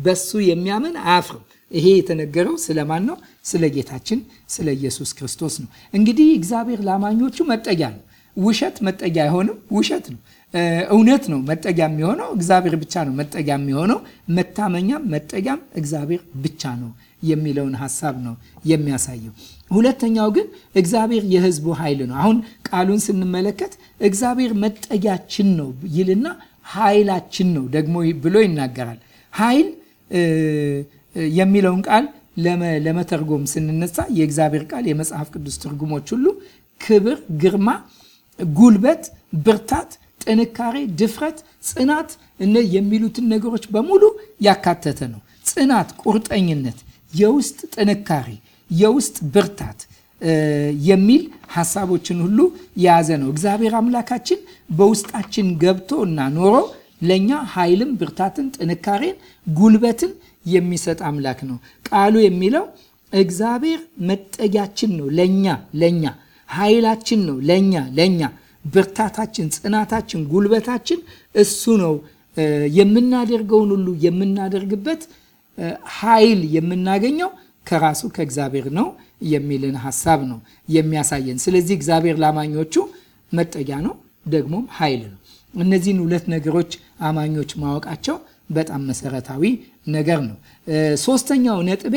A: በሱ የሚያምን አያፍርም። ይሄ የተነገረው ስለማን ነው? ስለ ጌታችን ስለ ኢየሱስ ክርስቶስ ነው። እንግዲህ እግዚአብሔር ለአማኞቹ መጠጊያ ነው። ውሸት መጠጊያ አይሆንም። ውሸት ነው፣ እውነት ነው መጠጊያ የሚሆነው እግዚአብሔር ብቻ ነው። መጠጊያ የሚሆነው መታመኛም መጠጊያም እግዚአብሔር ብቻ ነው የሚለውን ሀሳብ ነው የሚያሳየው። ሁለተኛው ግን እግዚአብሔር የህዝቡ ኃይል ነው። አሁን ቃሉን ስንመለከት እግዚአብሔር መጠጊያችን ነው ይልና ኃይላችን ነው ደግሞ ብሎ ይናገራል። ኃይል የሚለውን ቃል ለመተርጎም ስንነሳ የእግዚአብሔር ቃል የመጽሐፍ ቅዱስ ትርጉሞች ሁሉ ክብር፣ ግርማ፣ ጉልበት፣ ብርታት፣ ጥንካሬ፣ ድፍረት፣ ጽናት እነ የሚሉትን ነገሮች በሙሉ ያካተተ ነው። ጽናት፣ ቁርጠኝነት፣ የውስጥ ጥንካሬ፣ የውስጥ ብርታት የሚል ሀሳቦችን ሁሉ የያዘ ነው። እግዚአብሔር አምላካችን በውስጣችን ገብቶ እና ኖሮ ለእኛ ኃይልም፣ ብርታትን፣ ጥንካሬን፣ ጉልበትን የሚሰጥ አምላክ ነው። ቃሉ የሚለው እግዚአብሔር መጠጊያችን ነው። ለኛ ለኛ ኃይላችን ነው። ለኛ ለኛ ብርታታችን፣ ጽናታችን፣ ጉልበታችን እሱ ነው። የምናደርገውን ሁሉ የምናደርግበት ኃይል የምናገኘው ከራሱ ከእግዚአብሔር ነው የሚልን ሀሳብ ነው የሚያሳየን። ስለዚህ እግዚአብሔር ለአማኞቹ መጠጊያ ነው፣ ደግሞም ኃይል ነው። እነዚህን ሁለት ነገሮች አማኞች ማወቃቸው በጣም መሰረታዊ ነገር ነው። ሶስተኛው ነጥቤ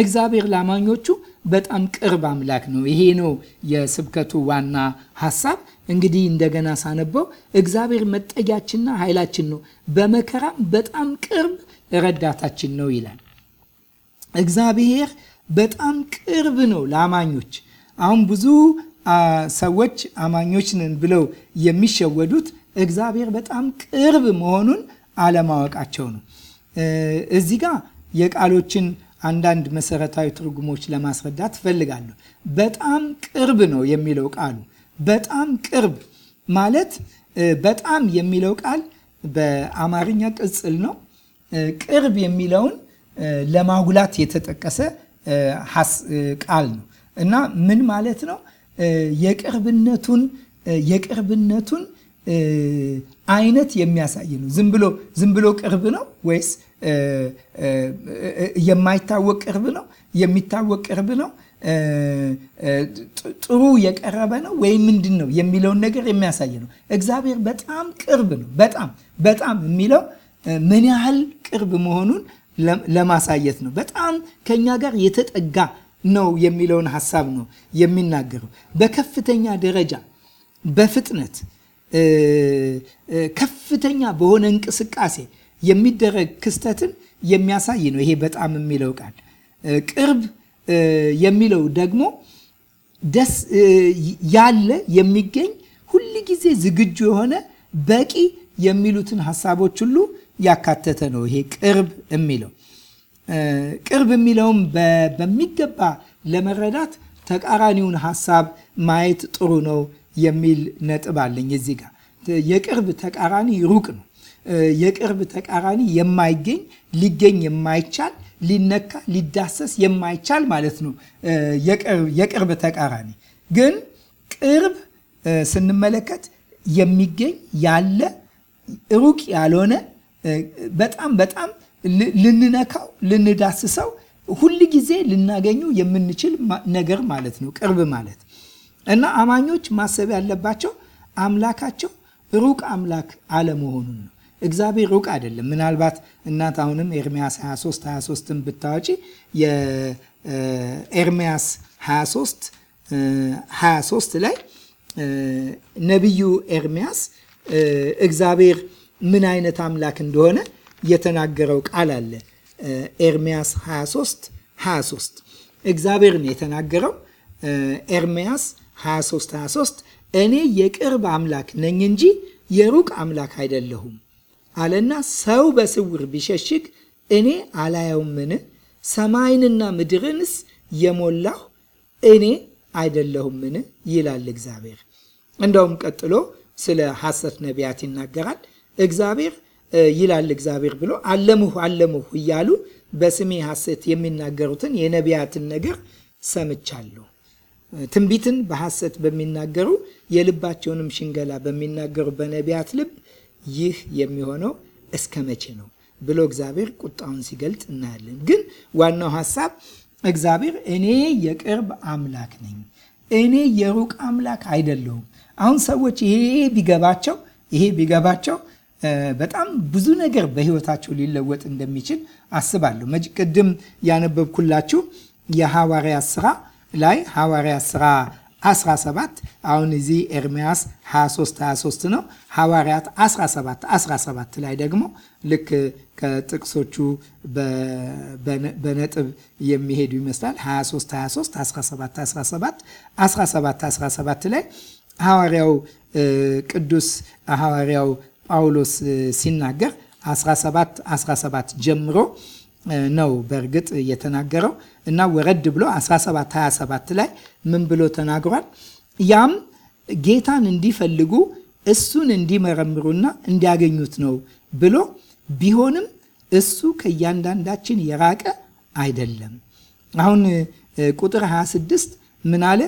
A: እግዚአብሔር ላማኞቹ በጣም ቅርብ አምላክ ነው። ይሄ ነው የስብከቱ ዋና ሀሳብ። እንግዲህ እንደገና ሳነበው እግዚአብሔር መጠጊያችንና ኃይላችን ነው፣ በመከራም በጣም ቅርብ ረዳታችን ነው ይላል። እግዚአብሔር በጣም ቅርብ ነው ለአማኞች። አሁን ብዙ ሰዎች አማኞች ነን ብለው የሚሸወዱት እግዚአብሔር በጣም ቅርብ መሆኑን አለማወቃቸው ነው። እዚህ ጋር የቃሎችን አንዳንድ መሰረታዊ ትርጉሞች ለማስረዳት እፈልጋለሁ። በጣም ቅርብ ነው የሚለው ቃሉ። በጣም ቅርብ ማለት በጣም የሚለው ቃል በአማርኛ ቅጽል ነው። ቅርብ የሚለውን ለማጉላት የተጠቀሰ ቃል ነው እና ምን ማለት ነው? የቅርብነቱን የቅርብነቱን አይነት የሚያሳይ ነው። ዝም ብሎ ዝም ብሎ ቅርብ ነው ወይስ የማይታወቅ ቅርብ ነው? የሚታወቅ ቅርብ ነው? ጥሩ የቀረበ ነው ወይም ምንድን ነው የሚለውን ነገር የሚያሳይ ነው። እግዚአብሔር በጣም ቅርብ ነው። በጣም በጣም የሚለው ምን ያህል ቅርብ መሆኑን ለማሳየት ነው። በጣም ከኛ ጋር የተጠጋ ነው የሚለውን ሀሳብ ነው የሚናገረው። በከፍተኛ ደረጃ በፍጥነት ከፍተኛ በሆነ እንቅስቃሴ የሚደረግ ክስተትን የሚያሳይ ነው። ይሄ በጣም የሚለው ቃል ቅርብ የሚለው ደግሞ ደስ ያለ የሚገኝ ሁል ጊዜ ዝግጁ የሆነ በቂ የሚሉትን ሀሳቦች ሁሉ ያካተተ ነው። ይሄ ቅርብ የሚለው ቅርብ የሚለውም በሚገባ ለመረዳት ተቃራኒውን ሀሳብ ማየት ጥሩ ነው የሚል ነጥብ አለኝ። እዚህ ጋር የቅርብ ተቃራኒ ሩቅ ነው። የቅርብ ተቃራኒ የማይገኝ ሊገኝ የማይቻል ሊነካ ሊዳሰስ የማይቻል ማለት ነው። የቅርብ ተቃራኒ ግን ቅርብ ስንመለከት የሚገኝ ያለ ሩቅ ያልሆነ በጣም በጣም ልንነካው ልንዳስሰው ሁል ጊዜ ልናገኘው የምንችል ነገር ማለት ነው። ቅርብ ማለት እና አማኞች ማሰብ ያለባቸው አምላካቸው ሩቅ አምላክ አለመሆኑን ነው። እግዚአብሔር ሩቅ አይደለም። ምናልባት እናት አሁንም ኤርሚያስ 23 23ን ብታወጪ የኤርሚያስ 23 23 ላይ ነቢዩ ኤርሚያስ እግዚአብሔር ምን አይነት አምላክ እንደሆነ የተናገረው ቃል አለ። ኤርሚያስ 23 23 እግዚአብሔር ነው የተናገረው ኤርሚያስ 23 23 እኔ የቅርብ አምላክ ነኝ እንጂ የሩቅ አምላክ አይደለሁም አለና ሰው በስውር ቢሸሽግ እኔ አላየውምን? ሰማይንና ምድርንስ የሞላሁ እኔ አይደለሁምን? ይላል እግዚአብሔር። እንደውም ቀጥሎ ስለ ሐሰት ነቢያት ይናገራል። እግዚአብሔር ይላል እግዚአብሔር ብሎ አለምሁ አለምሁ እያሉ በስሜ ሐሰት የሚናገሩትን የነቢያትን ነገር ሰምቻለሁ። ትንቢትን በሐሰት በሚናገሩ የልባቸውንም ሽንገላ በሚናገሩ በነቢያት ልብ ይህ የሚሆነው እስከ መቼ ነው ብሎ እግዚአብሔር ቁጣውን ሲገልጥ እናያለን። ግን ዋናው ሀሳብ እግዚአብሔር እኔ የቅርብ አምላክ ነኝ፣ እኔ የሩቅ አምላክ አይደለሁም። አሁን ሰዎች ይሄ ቢገባቸው ይሄ ቢገባቸው በጣም ብዙ ነገር በህይወታቸው ሊለወጥ እንደሚችል አስባለሁ። ቅድም ያነበብኩላችሁ የሐዋርያ ስራ ላይ ሐዋርያ ስራ 17 አሁን እዚህ ኤርሚያስ 23 23 ነው። ሐዋርያት 17 17 ላይ ደግሞ ልክ ከጥቅሶቹ በነጥብ የሚሄዱ ይመስላል 23 23 17 17 17 17 ላይ ሐዋርያው ቅዱስ ሐዋርያው ጳውሎስ ሲናገር 17 17 ጀምሮ ነው በእርግጥ የተናገረው እና ወረድ ብሎ 17 27 ላይ ምን ብሎ ተናግሯል? ያም ጌታን እንዲፈልጉ እሱን እንዲመረምሩና እንዲያገኙት ነው ብሎ ቢሆንም እሱ ከእያንዳንዳችን የራቀ አይደለም። አሁን ቁጥር 26 ምን አለ?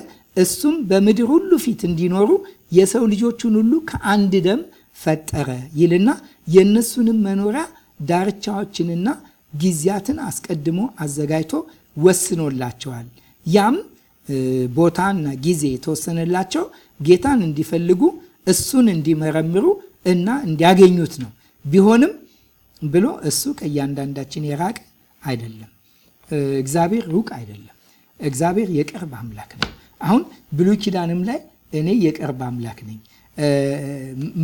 A: እሱም በምድር ሁሉ ፊት እንዲኖሩ የሰው ልጆቹን ሁሉ ከአንድ ደም ፈጠረ ይልና የእነሱንም መኖሪያ ዳርቻዎችንና ጊዜያትን አስቀድሞ አዘጋጅቶ ወስኖላቸዋል። ያም ቦታና ጊዜ የተወሰነላቸው ጌታን እንዲፈልጉ እሱን እንዲመረምሩ እና እንዲያገኙት ነው። ቢሆንም ብሎ እሱ ከእያንዳንዳችን የራቀ አይደለም። እግዚአብሔር ሩቅ አይደለም። እግዚአብሔር የቅርብ አምላክ ነው። አሁን ብሉይ ኪዳንም ላይ እኔ የቅርብ አምላክ ነኝ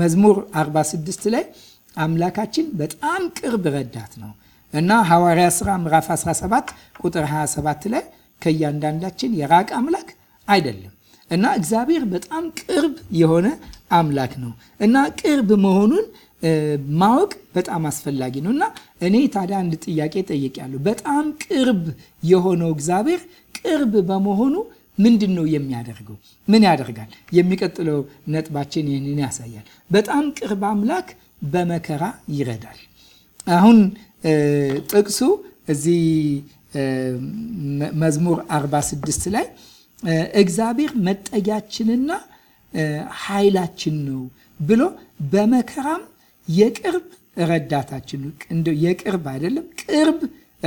A: መዝሙር 46 ላይ አምላካችን በጣም ቅርብ ረዳት ነው እና ሐዋርያ ሥራ ምዕራፍ 17 ቁጥር 27 ላይ ከእያንዳንዳችን የራቀ አምላክ አይደለም እና እግዚአብሔር በጣም ቅርብ የሆነ አምላክ ነው እና ቅርብ መሆኑን ማወቅ በጣም አስፈላጊ ነው እና እኔ ታዲያ አንድ ጥያቄ ጠይቄያለሁ። በጣም ቅርብ የሆነው እግዚአብሔር ቅርብ በመሆኑ ምንድን ነው የሚያደርገው? ምን ያደርጋል? የሚቀጥለው ነጥባችን ይህንን ያሳያል። በጣም ቅርብ አምላክ በመከራ ይረዳል። አሁን ጥቅሱ እዚህ መዝሙር 46 ላይ እግዚአብሔር መጠጊያችንና ኃይላችን ነው ብሎ በመከራም የቅርብ ረዳታችን ነው። እንደው የቅርብ አይደለም ቅርብ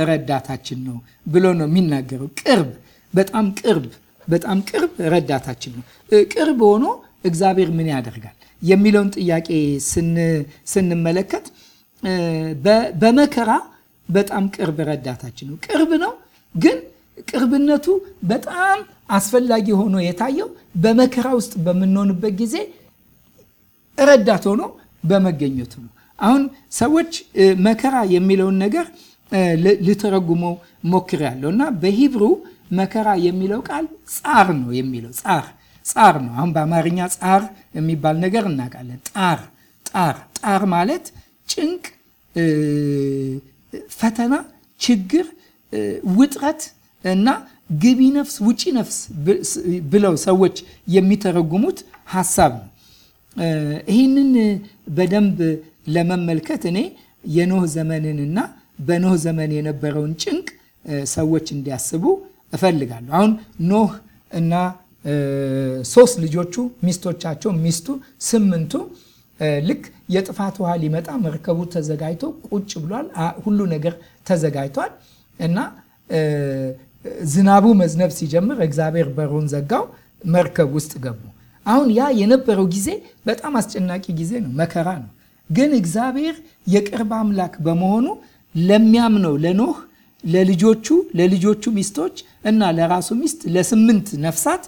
A: ረዳታችን ነው ብሎ ነው የሚናገረው። ቅርብ፣ በጣም ቅርብ፣ በጣም ቅርብ ረዳታችን ነው። ቅርብ ሆኖ እግዚአብሔር ምን ያደርጋል የሚለውን ጥያቄ ስንመለከት በመከራ በጣም ቅርብ ረዳታችን ነው። ቅርብ ነው ግን ቅርብነቱ በጣም አስፈላጊ ሆኖ የታየው በመከራ ውስጥ በምንሆንበት ጊዜ ረዳት ሆኖ በመገኘቱ ነው። አሁን ሰዎች መከራ የሚለውን ነገር ልተረጉመው ሞክሬያለሁ እና በሂብሩ መከራ የሚለው ቃል ጻር ነው የሚለው ጻር ጻር ነው። አሁን በአማርኛ ጻር የሚባል ነገር እናውቃለን። ጣር ጣር ጣር ማለት ጭንቅ፣ ፈተና፣ ችግር፣ ውጥረት እና ግቢ ነፍስ ውጪ ነፍስ ብለው ሰዎች የሚተረጉሙት ሀሳብ ነው። ይህንን በደንብ ለመመልከት እኔ የኖህ ዘመንንና በኖህ ዘመን የነበረውን ጭንቅ ሰዎች እንዲያስቡ እፈልጋለሁ። አሁን ኖህ እና ሶስት ልጆቹ ሚስቶቻቸው፣ ሚስቱ ስምንቱ ልክ የጥፋት ውሃ ሊመጣ መርከቡ ተዘጋጅቶ ቁጭ ብሏል። ሁሉ ነገር ተዘጋጅቷል እና ዝናቡ መዝነብ ሲጀምር እግዚአብሔር በሩን ዘጋው፣ መርከብ ውስጥ ገቡ። አሁን ያ የነበረው ጊዜ በጣም አስጨናቂ ጊዜ ነው፣ መከራ ነው። ግን እግዚአብሔር የቅርብ አምላክ በመሆኑ ለሚያምነው ለኖህ፣ ለልጆቹ፣ ለልጆቹ ሚስቶች እና ለራሱ ሚስት ለስምንት ነፍሳት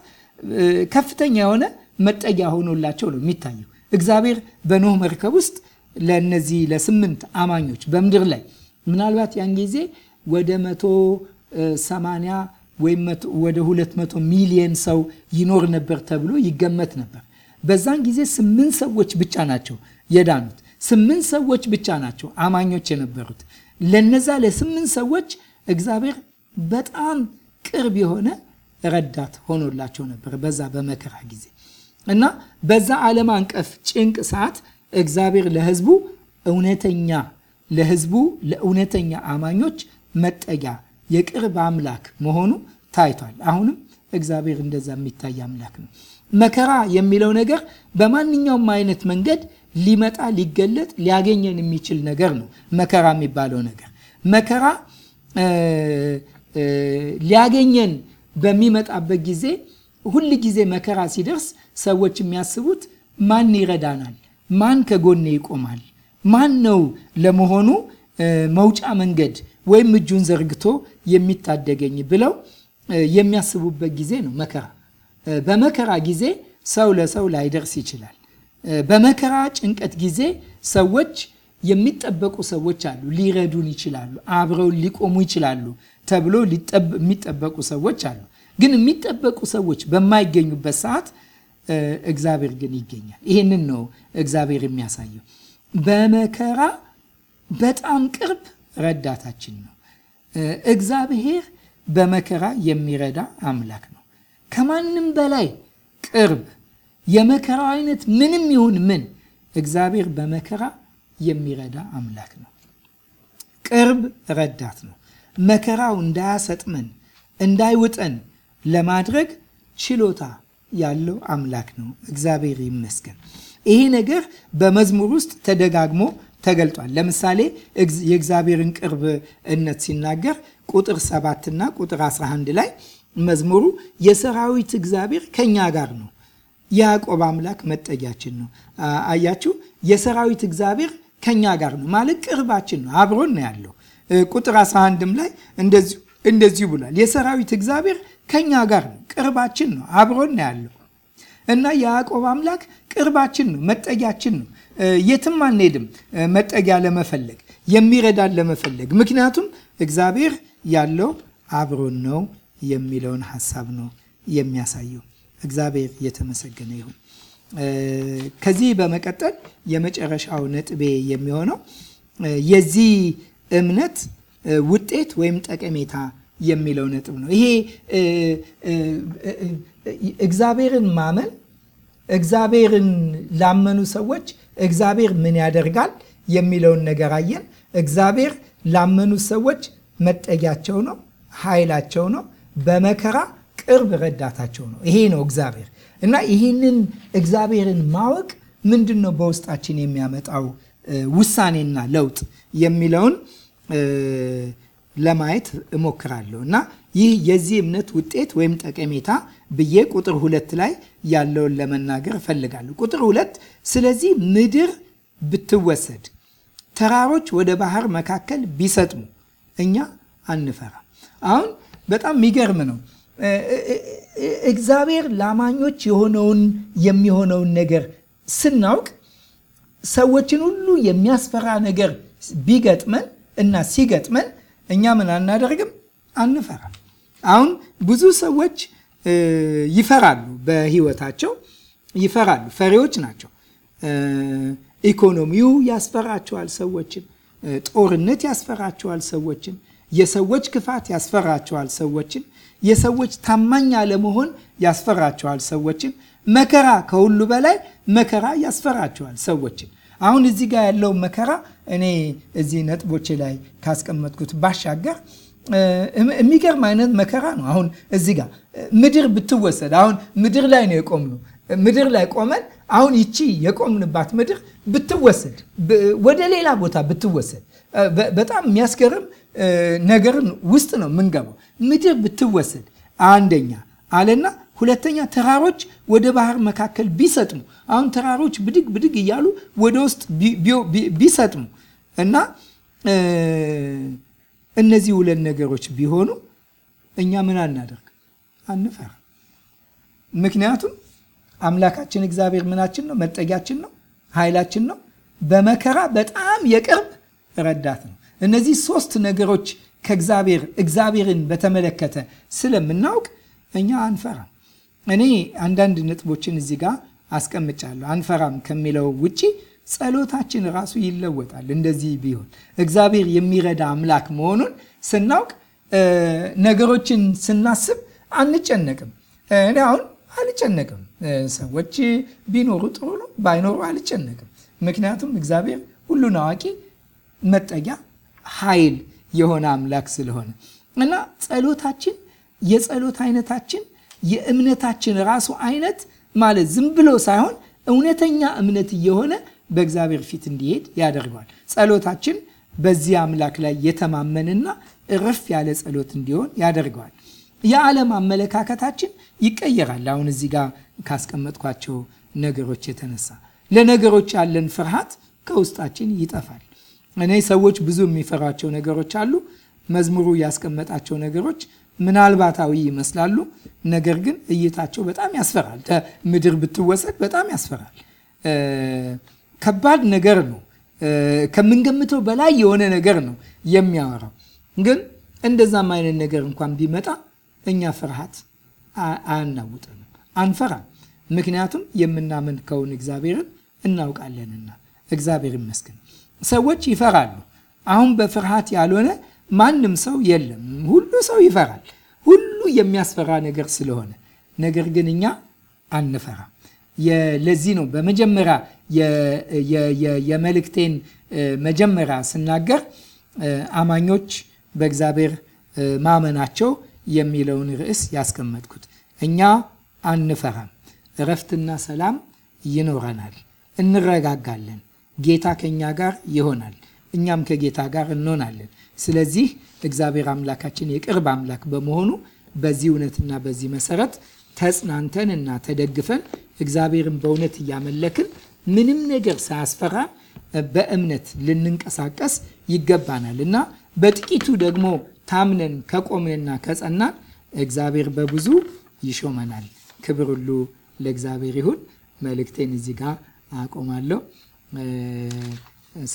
A: ከፍተኛ የሆነ መጠጊያ ሆኖላቸው ነው የሚታየው። እግዚአብሔር በኖህ መርከብ ውስጥ ለእነዚህ ለስምንት አማኞች በምድር ላይ ምናልባት ያን ጊዜ ወደ መቶ ሰማንያ ወይም ወደ ሁለት መቶ ሚሊየን ሰው ይኖር ነበር ተብሎ ይገመት ነበር። በዛን ጊዜ ስምንት ሰዎች ብቻ ናቸው የዳኑት። ስምንት ሰዎች ብቻ ናቸው አማኞች የነበሩት። ለነዛ ለስምንት ሰዎች እግዚአብሔር በጣም ቅርብ የሆነ ረዳት ሆኖላቸው ነበር በዛ በመከራ ጊዜ እና በዛ ዓለም አቀፍ ጭንቅ ሰዓት እግዚአብሔር ለህዝቡ እውነተኛ ለህዝቡ ለእውነተኛ አማኞች መጠጊያ የቅርብ አምላክ መሆኑ ታይቷል። አሁንም እግዚአብሔር እንደዛ የሚታይ አምላክ ነው። መከራ የሚለው ነገር በማንኛውም አይነት መንገድ ሊመጣ ሊገለጥ ሊያገኘን የሚችል ነገር ነው። መከራ የሚባለው ነገር መከራ ሊያገኘን በሚመጣበት ጊዜ ሁል ጊዜ መከራ ሲደርስ ሰዎች የሚያስቡት ማን ይረዳናል፣ ማን ከጎኔ ይቆማል፣ ማን ነው ለመሆኑ መውጫ መንገድ ወይም እጁን ዘርግቶ የሚታደገኝ ብለው የሚያስቡበት ጊዜ ነው መከራ። በመከራ ጊዜ ሰው ለሰው ላይደርስ ይችላል። በመከራ ጭንቀት ጊዜ ሰዎች የሚጠበቁ ሰዎች አሉ፣ ሊረዱን ይችላሉ፣ አብረው ሊቆሙ ይችላሉ ተብሎ የሚጠበቁ ሰዎች አሉ። ግን የሚጠበቁ ሰዎች በማይገኙበት ሰዓት እግዚአብሔር ግን ይገኛል። ይህንን ነው እግዚአብሔር የሚያሳየው። በመከራ በጣም ቅርብ ረዳታችን ነው። እግዚአብሔር በመከራ የሚረዳ አምላክ ነው። ከማንም በላይ ቅርብ የመከራው አይነት ምንም ይሁን ምን እግዚአብሔር በመከራ የሚረዳ አምላክ ነው። ቅርብ ረዳት ነው። መከራው እንዳያሰጥመን እንዳይውጠን ለማድረግ ችሎታ ያለው አምላክ ነው። እግዚአብሔር ይመስገን። ይሄ ነገር በመዝሙር ውስጥ ተደጋግሞ ተገልጧል። ለምሳሌ የእግዚአብሔርን ቅርብነት ሲናገር ቁጥር ሰባትና ቁጥር 11 ላይ መዝሙሩ የሰራዊት እግዚአብሔር ከኛ ጋር ነው፣ የያዕቆብ አምላክ መጠጊያችን ነው። አያችሁ፣ የሰራዊት እግዚአብሔር ከኛ ጋር ነው ማለት ቅርባችን ነው፣ አብሮን ነው ያለው። ቁጥር 11ም ላይ እንደዚሁ እንደዚሁ ብሏል። የሰራዊት እግዚአብሔር ከኛ ጋር ነው፣ ቅርባችን ነው፣ አብሮን ያለው እና የያዕቆብ አምላክ ቅርባችን ነው፣ መጠጊያችን ነው። የትም አንሄድም መጠጊያ ለመፈለግ የሚረዳን ለመፈለግ ምክንያቱም እግዚአብሔር ያለው አብሮን ነው የሚለውን ሀሳብ ነው የሚያሳየው። እግዚአብሔር የተመሰገነ ይሁን። ከዚህ በመቀጠል የመጨረሻው ነጥቤ የሚሆነው የዚህ እምነት ውጤት ወይም ጠቀሜታ የሚለው ነጥብ ነው። ይሄ እግዚአብሔርን ማመን እግዚአብሔርን ላመኑ ሰዎች እግዚአብሔር ምን ያደርጋል የሚለውን ነገር አየን። እግዚአብሔር ላመኑ ሰዎች መጠጊያቸው ነው፣ ኃይላቸው ነው፣ በመከራ ቅርብ ረዳታቸው ነው። ይሄ ነው እግዚአብሔር እና ይህንን እግዚአብሔርን ማወቅ ምንድን ነው በውስጣችን የሚያመጣው ውሳኔና ለውጥ የሚለውን ለማየት እሞክራለሁ እና ይህ የዚህ እምነት ውጤት ወይም ጠቀሜታ ብዬ ቁጥር ሁለት ላይ ያለውን ለመናገር እፈልጋለሁ። ቁጥር ሁለት ስለዚህ ምድር ብትወሰድ፣ ተራሮች ወደ ባህር መካከል ቢሰጥሙ እኛ አንፈራም። አሁን በጣም የሚገርም ነው። እግዚአብሔር ላማኞች የሆነውን የሚሆነውን ነገር ስናውቅ ሰዎችን ሁሉ የሚያስፈራ ነገር ቢገጥመን እና ሲገጥመን እኛ ምን አናደርግም? አንፈራም። አሁን ብዙ ሰዎች ይፈራሉ፣ በህይወታቸው ይፈራሉ፣ ፈሪዎች ናቸው። ኢኮኖሚው ያስፈራቸዋል ሰዎችን፣ ጦርነት ያስፈራቸዋል ሰዎችን፣ የሰዎች ክፋት ያስፈራቸዋል ሰዎችን፣ የሰዎች ታማኝ አለመሆን ያስፈራቸዋል ሰዎችን፣ መከራ ከሁሉ በላይ መከራ ያስፈራቸዋል ሰዎችን አሁን እዚህ ጋር ያለው መከራ እኔ እዚህ ነጥቦቼ ላይ ካስቀመጥኩት ባሻገር የሚገርም አይነት መከራ ነው። አሁን እዚህ ጋር ምድር ብትወሰድ አሁን ምድር ላይ ነው የቆምነው። ምድር ላይ ቆመን አሁን ይቺ የቆምንባት ምድር ብትወሰድ፣ ወደ ሌላ ቦታ ብትወሰድ በጣም የሚያስገርም ነገርን ውስጥ ነው የምንገባው። ምድር ብትወሰድ አንደኛ አለና ሁለተኛ ተራሮች ወደ ባህር መካከል ቢሰጥሙ፣ አሁን ተራሮች ብድግ ብድግ እያሉ ወደ ውስጥ ቢሰጥሙ እና እነዚህ ሁለት ነገሮች ቢሆኑ እኛ ምን አናደርግ? አንፈራ። ምክንያቱም አምላካችን እግዚአብሔር ምናችን ነው፣ መጠጊያችን ነው፣ ኃይላችን ነው፣ በመከራ በጣም የቅርብ ረዳት ነው። እነዚህ ሶስት ነገሮች ከእግዚአብሔር እግዚአብሔርን በተመለከተ ስለምናውቅ እኛ አንፈራም። እኔ አንዳንድ ነጥቦችን እዚህ ጋር አስቀምጫለሁ። አንፈራም ከሚለው ውጪ ጸሎታችን ራሱ ይለወጣል። እንደዚህ ቢሆን እግዚአብሔር የሚረዳ አምላክ መሆኑን ስናውቅ ነገሮችን ስናስብ አንጨነቅም። እኔ አሁን አልጨነቅም። ሰዎች ቢኖሩ ጥሩ ነው፣ ባይኖሩ አልጨነቅም። ምክንያቱም እግዚአብሔር ሁሉን አዋቂ፣ መጠጊያ፣ ኃይል የሆነ አምላክ ስለሆነ እና ጸሎታችን የጸሎት አይነታችን የእምነታችን ራሱ አይነት ማለት ዝም ብሎ ሳይሆን እውነተኛ እምነት እየሆነ በእግዚአብሔር ፊት እንዲሄድ ያደርገዋል። ጸሎታችን በዚህ አምላክ ላይ የተማመንና እርፍ ያለ ጸሎት እንዲሆን ያደርገዋል። የዓለም አመለካከታችን ይቀየራል። አሁን እዚህ ጋር ካስቀመጥኳቸው ነገሮች የተነሳ ለነገሮች ያለን ፍርሃት ከውስጣችን ይጠፋል። እኔ ሰዎች ብዙ የሚፈሯቸው ነገሮች አሉ። መዝሙሩ ያስቀመጣቸው ነገሮች ምናልባታዊ ይመስላሉ። ነገር ግን እይታቸው በጣም ያስፈራል። ምድር ብትወሰድ በጣም ያስፈራል። ከባድ ነገር ነው። ከምንገምተው በላይ የሆነ ነገር ነው የሚያወራው። ግን እንደዛም አይነት ነገር እንኳን ቢመጣ እኛ ፍርሃት አያናውጠንም፣ አንፈራም። ምክንያቱም የምናመልከውን እግዚአብሔርን እናውቃለንና። እግዚአብሔር ይመስገን። ሰዎች ይፈራሉ። አሁን በፍርሃት ያልሆነ ማንም ሰው የለም። ሁሉ ሰው ይፈራል። ሁሉ የሚያስፈራ ነገር ስለሆነ ነገር ግን እኛ አንፈራም። ለዚህ ነው በመጀመሪያ የመልእክቴን መጀመሪያ ስናገር አማኞች በእግዚአብሔር ማመናቸው የሚለውን ርዕስ ያስቀመጥኩት። እኛ አንፈራም። እረፍትና ሰላም ይኖረናል። እንረጋጋለን። ጌታ ከእኛ ጋር ይሆናል። እኛም ከጌታ ጋር እንሆናለን። ስለዚህ እግዚአብሔር አምላካችን የቅርብ አምላክ በመሆኑ በዚህ እውነትና በዚህ መሰረት ተጽናንተን እና ተደግፈን እግዚአብሔርን በእውነት እያመለክን ምንም ነገር ሳያስፈራ በእምነት ልንንቀሳቀስ ይገባናል እና በጥቂቱ ደግሞ ታምነን ከቆምንና ከጸናን እግዚአብሔር በብዙ ይሾመናል። ክብር ሁሉ ለእግዚአብሔር ይሁን። መልእክቴን እዚህ ጋር አቆማለሁ።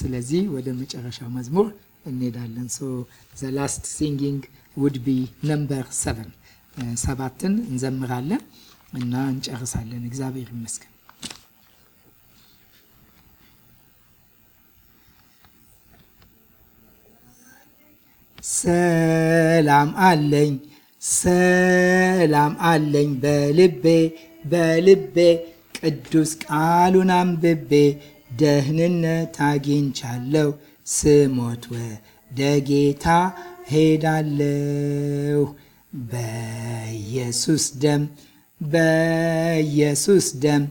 A: ስለዚህ ወደ መጨረሻው መዝሙር እንሄዳለን። ሶ ዘ ላስት ሲንጊንግ ውድ ቢ ነምበር ሰቨን ሰባትን እንዘምራለን እና እንጨርሳለን። እግዚአብሔር ይመስገን። ሰላም አለኝ ሰላም አለኝ በልቤ በልቤ ቅዱስ ቃሉን አንብቤ ደህንነት አግኝቻለሁ። ስሞት ደጌታ ጌታ ሄዳለሁ በኢየሱስ ደም በኢየሱስ ደም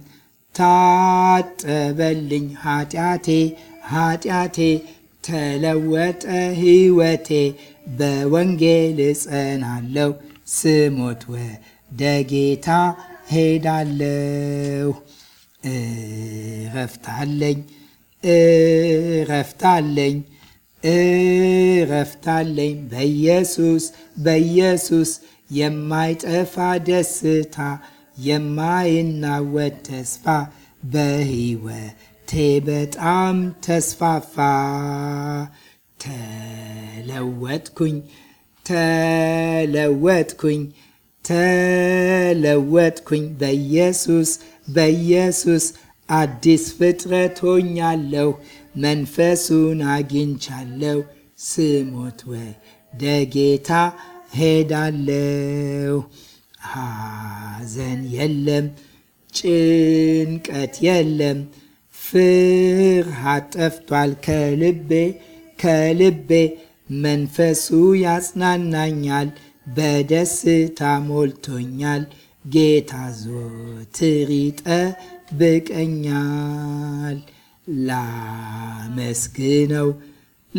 A: ታጠበልኝ ኃጢአቴ ኃጢአቴ ተለወጠ ሕይወቴ በወንጌል እጸናለሁ ስሞት ወደ ጌታ ሄዳለሁ እረፍታለኝ እረፍታለኝ እረፍታለኝ በኢየሱስ በኢየሱስ የማይጠፋ ደስታ የማይናወድ ተስፋ በሕይወቴ በጣም ተስፋፋ። ተለወጥኩኝ ተለወጥኩኝ ተለወጥኩኝ በኢየሱስ በኢየሱስ አዲስ ፍጥረት ሆኛለሁ፣ መንፈሱን አግኝቻለሁ። ስሞት ወደ ጌታ ሄዳለሁ። ሐዘን የለም፣ ጭንቀት የለም፣ ፍርሃት ጠፍቷል ከልቤ ከልቤ መንፈሱ ያጽናናኛል፣ በደስታ ሞልቶኛል። ጌታ ዞትር በቀኛል። ላመስግነው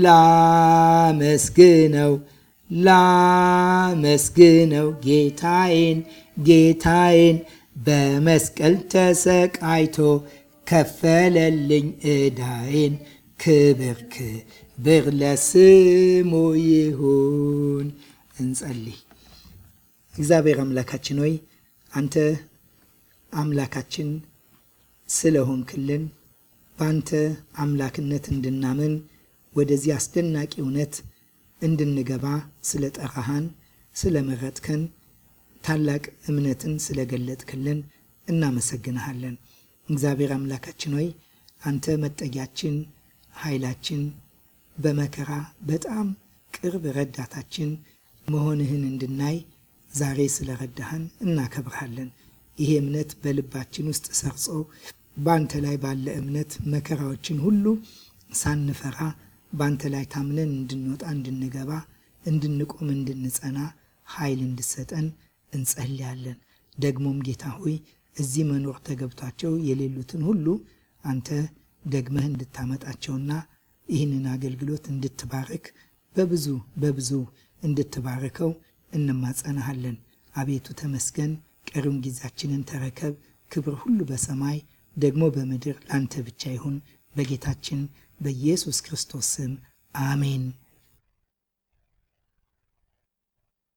A: ላመስግነው ላመስግነው ጌታዬን ጌታዬን በመስቀል ተሰቃይቶ ከፈለልኝ እዳዬን። ክብር ክብር ለስሙ ይሁን። እንጸልይ። እግዚአብሔር አምላካችን ሆይ አንተ አምላካችን ስለሆንክልን ባንተ አምላክነት እንድናምን ወደዚህ አስደናቂ እውነት እንድንገባ ስለ ጠራሃን፣ ስለ መረጥከን፣ ታላቅ እምነትን ስለገለጥክልን እናመሰግንሃለን። እግዚአብሔር አምላካችን ሆይ አንተ መጠጊያችን፣ ኃይላችን፣ በመከራ በጣም ቅርብ ረዳታችን መሆንህን እንድናይ ዛሬ ስለረዳህን እናከብርሃለን። ይሄ እምነት በልባችን ውስጥ ሰርጾ በአንተ ላይ ባለ እምነት መከራዎችን ሁሉ ሳንፈራ በአንተ ላይ ታምነን እንድንወጣ፣ እንድንገባ፣ እንድንቆም፣ እንድንጸና ኃይል እንድሰጠን እንጸልያለን። ደግሞም ጌታ ሆይ እዚህ መኖር ተገብቷቸው የሌሉትን ሁሉ አንተ ደግመህ እንድታመጣቸውና ይህንን አገልግሎት እንድትባርክ በብዙ በብዙ እንድትባርከው እንማጸናሃለን። አቤቱ ተመስገን። ቀሪውን ጊዜያችንን ተረከብ። ክብር ሁሉ በሰማይ ደግሞ በምድር ላንተ ብቻ ይሁን በጌታችን በኢየሱስ ክርስቶስ ስም አሜን።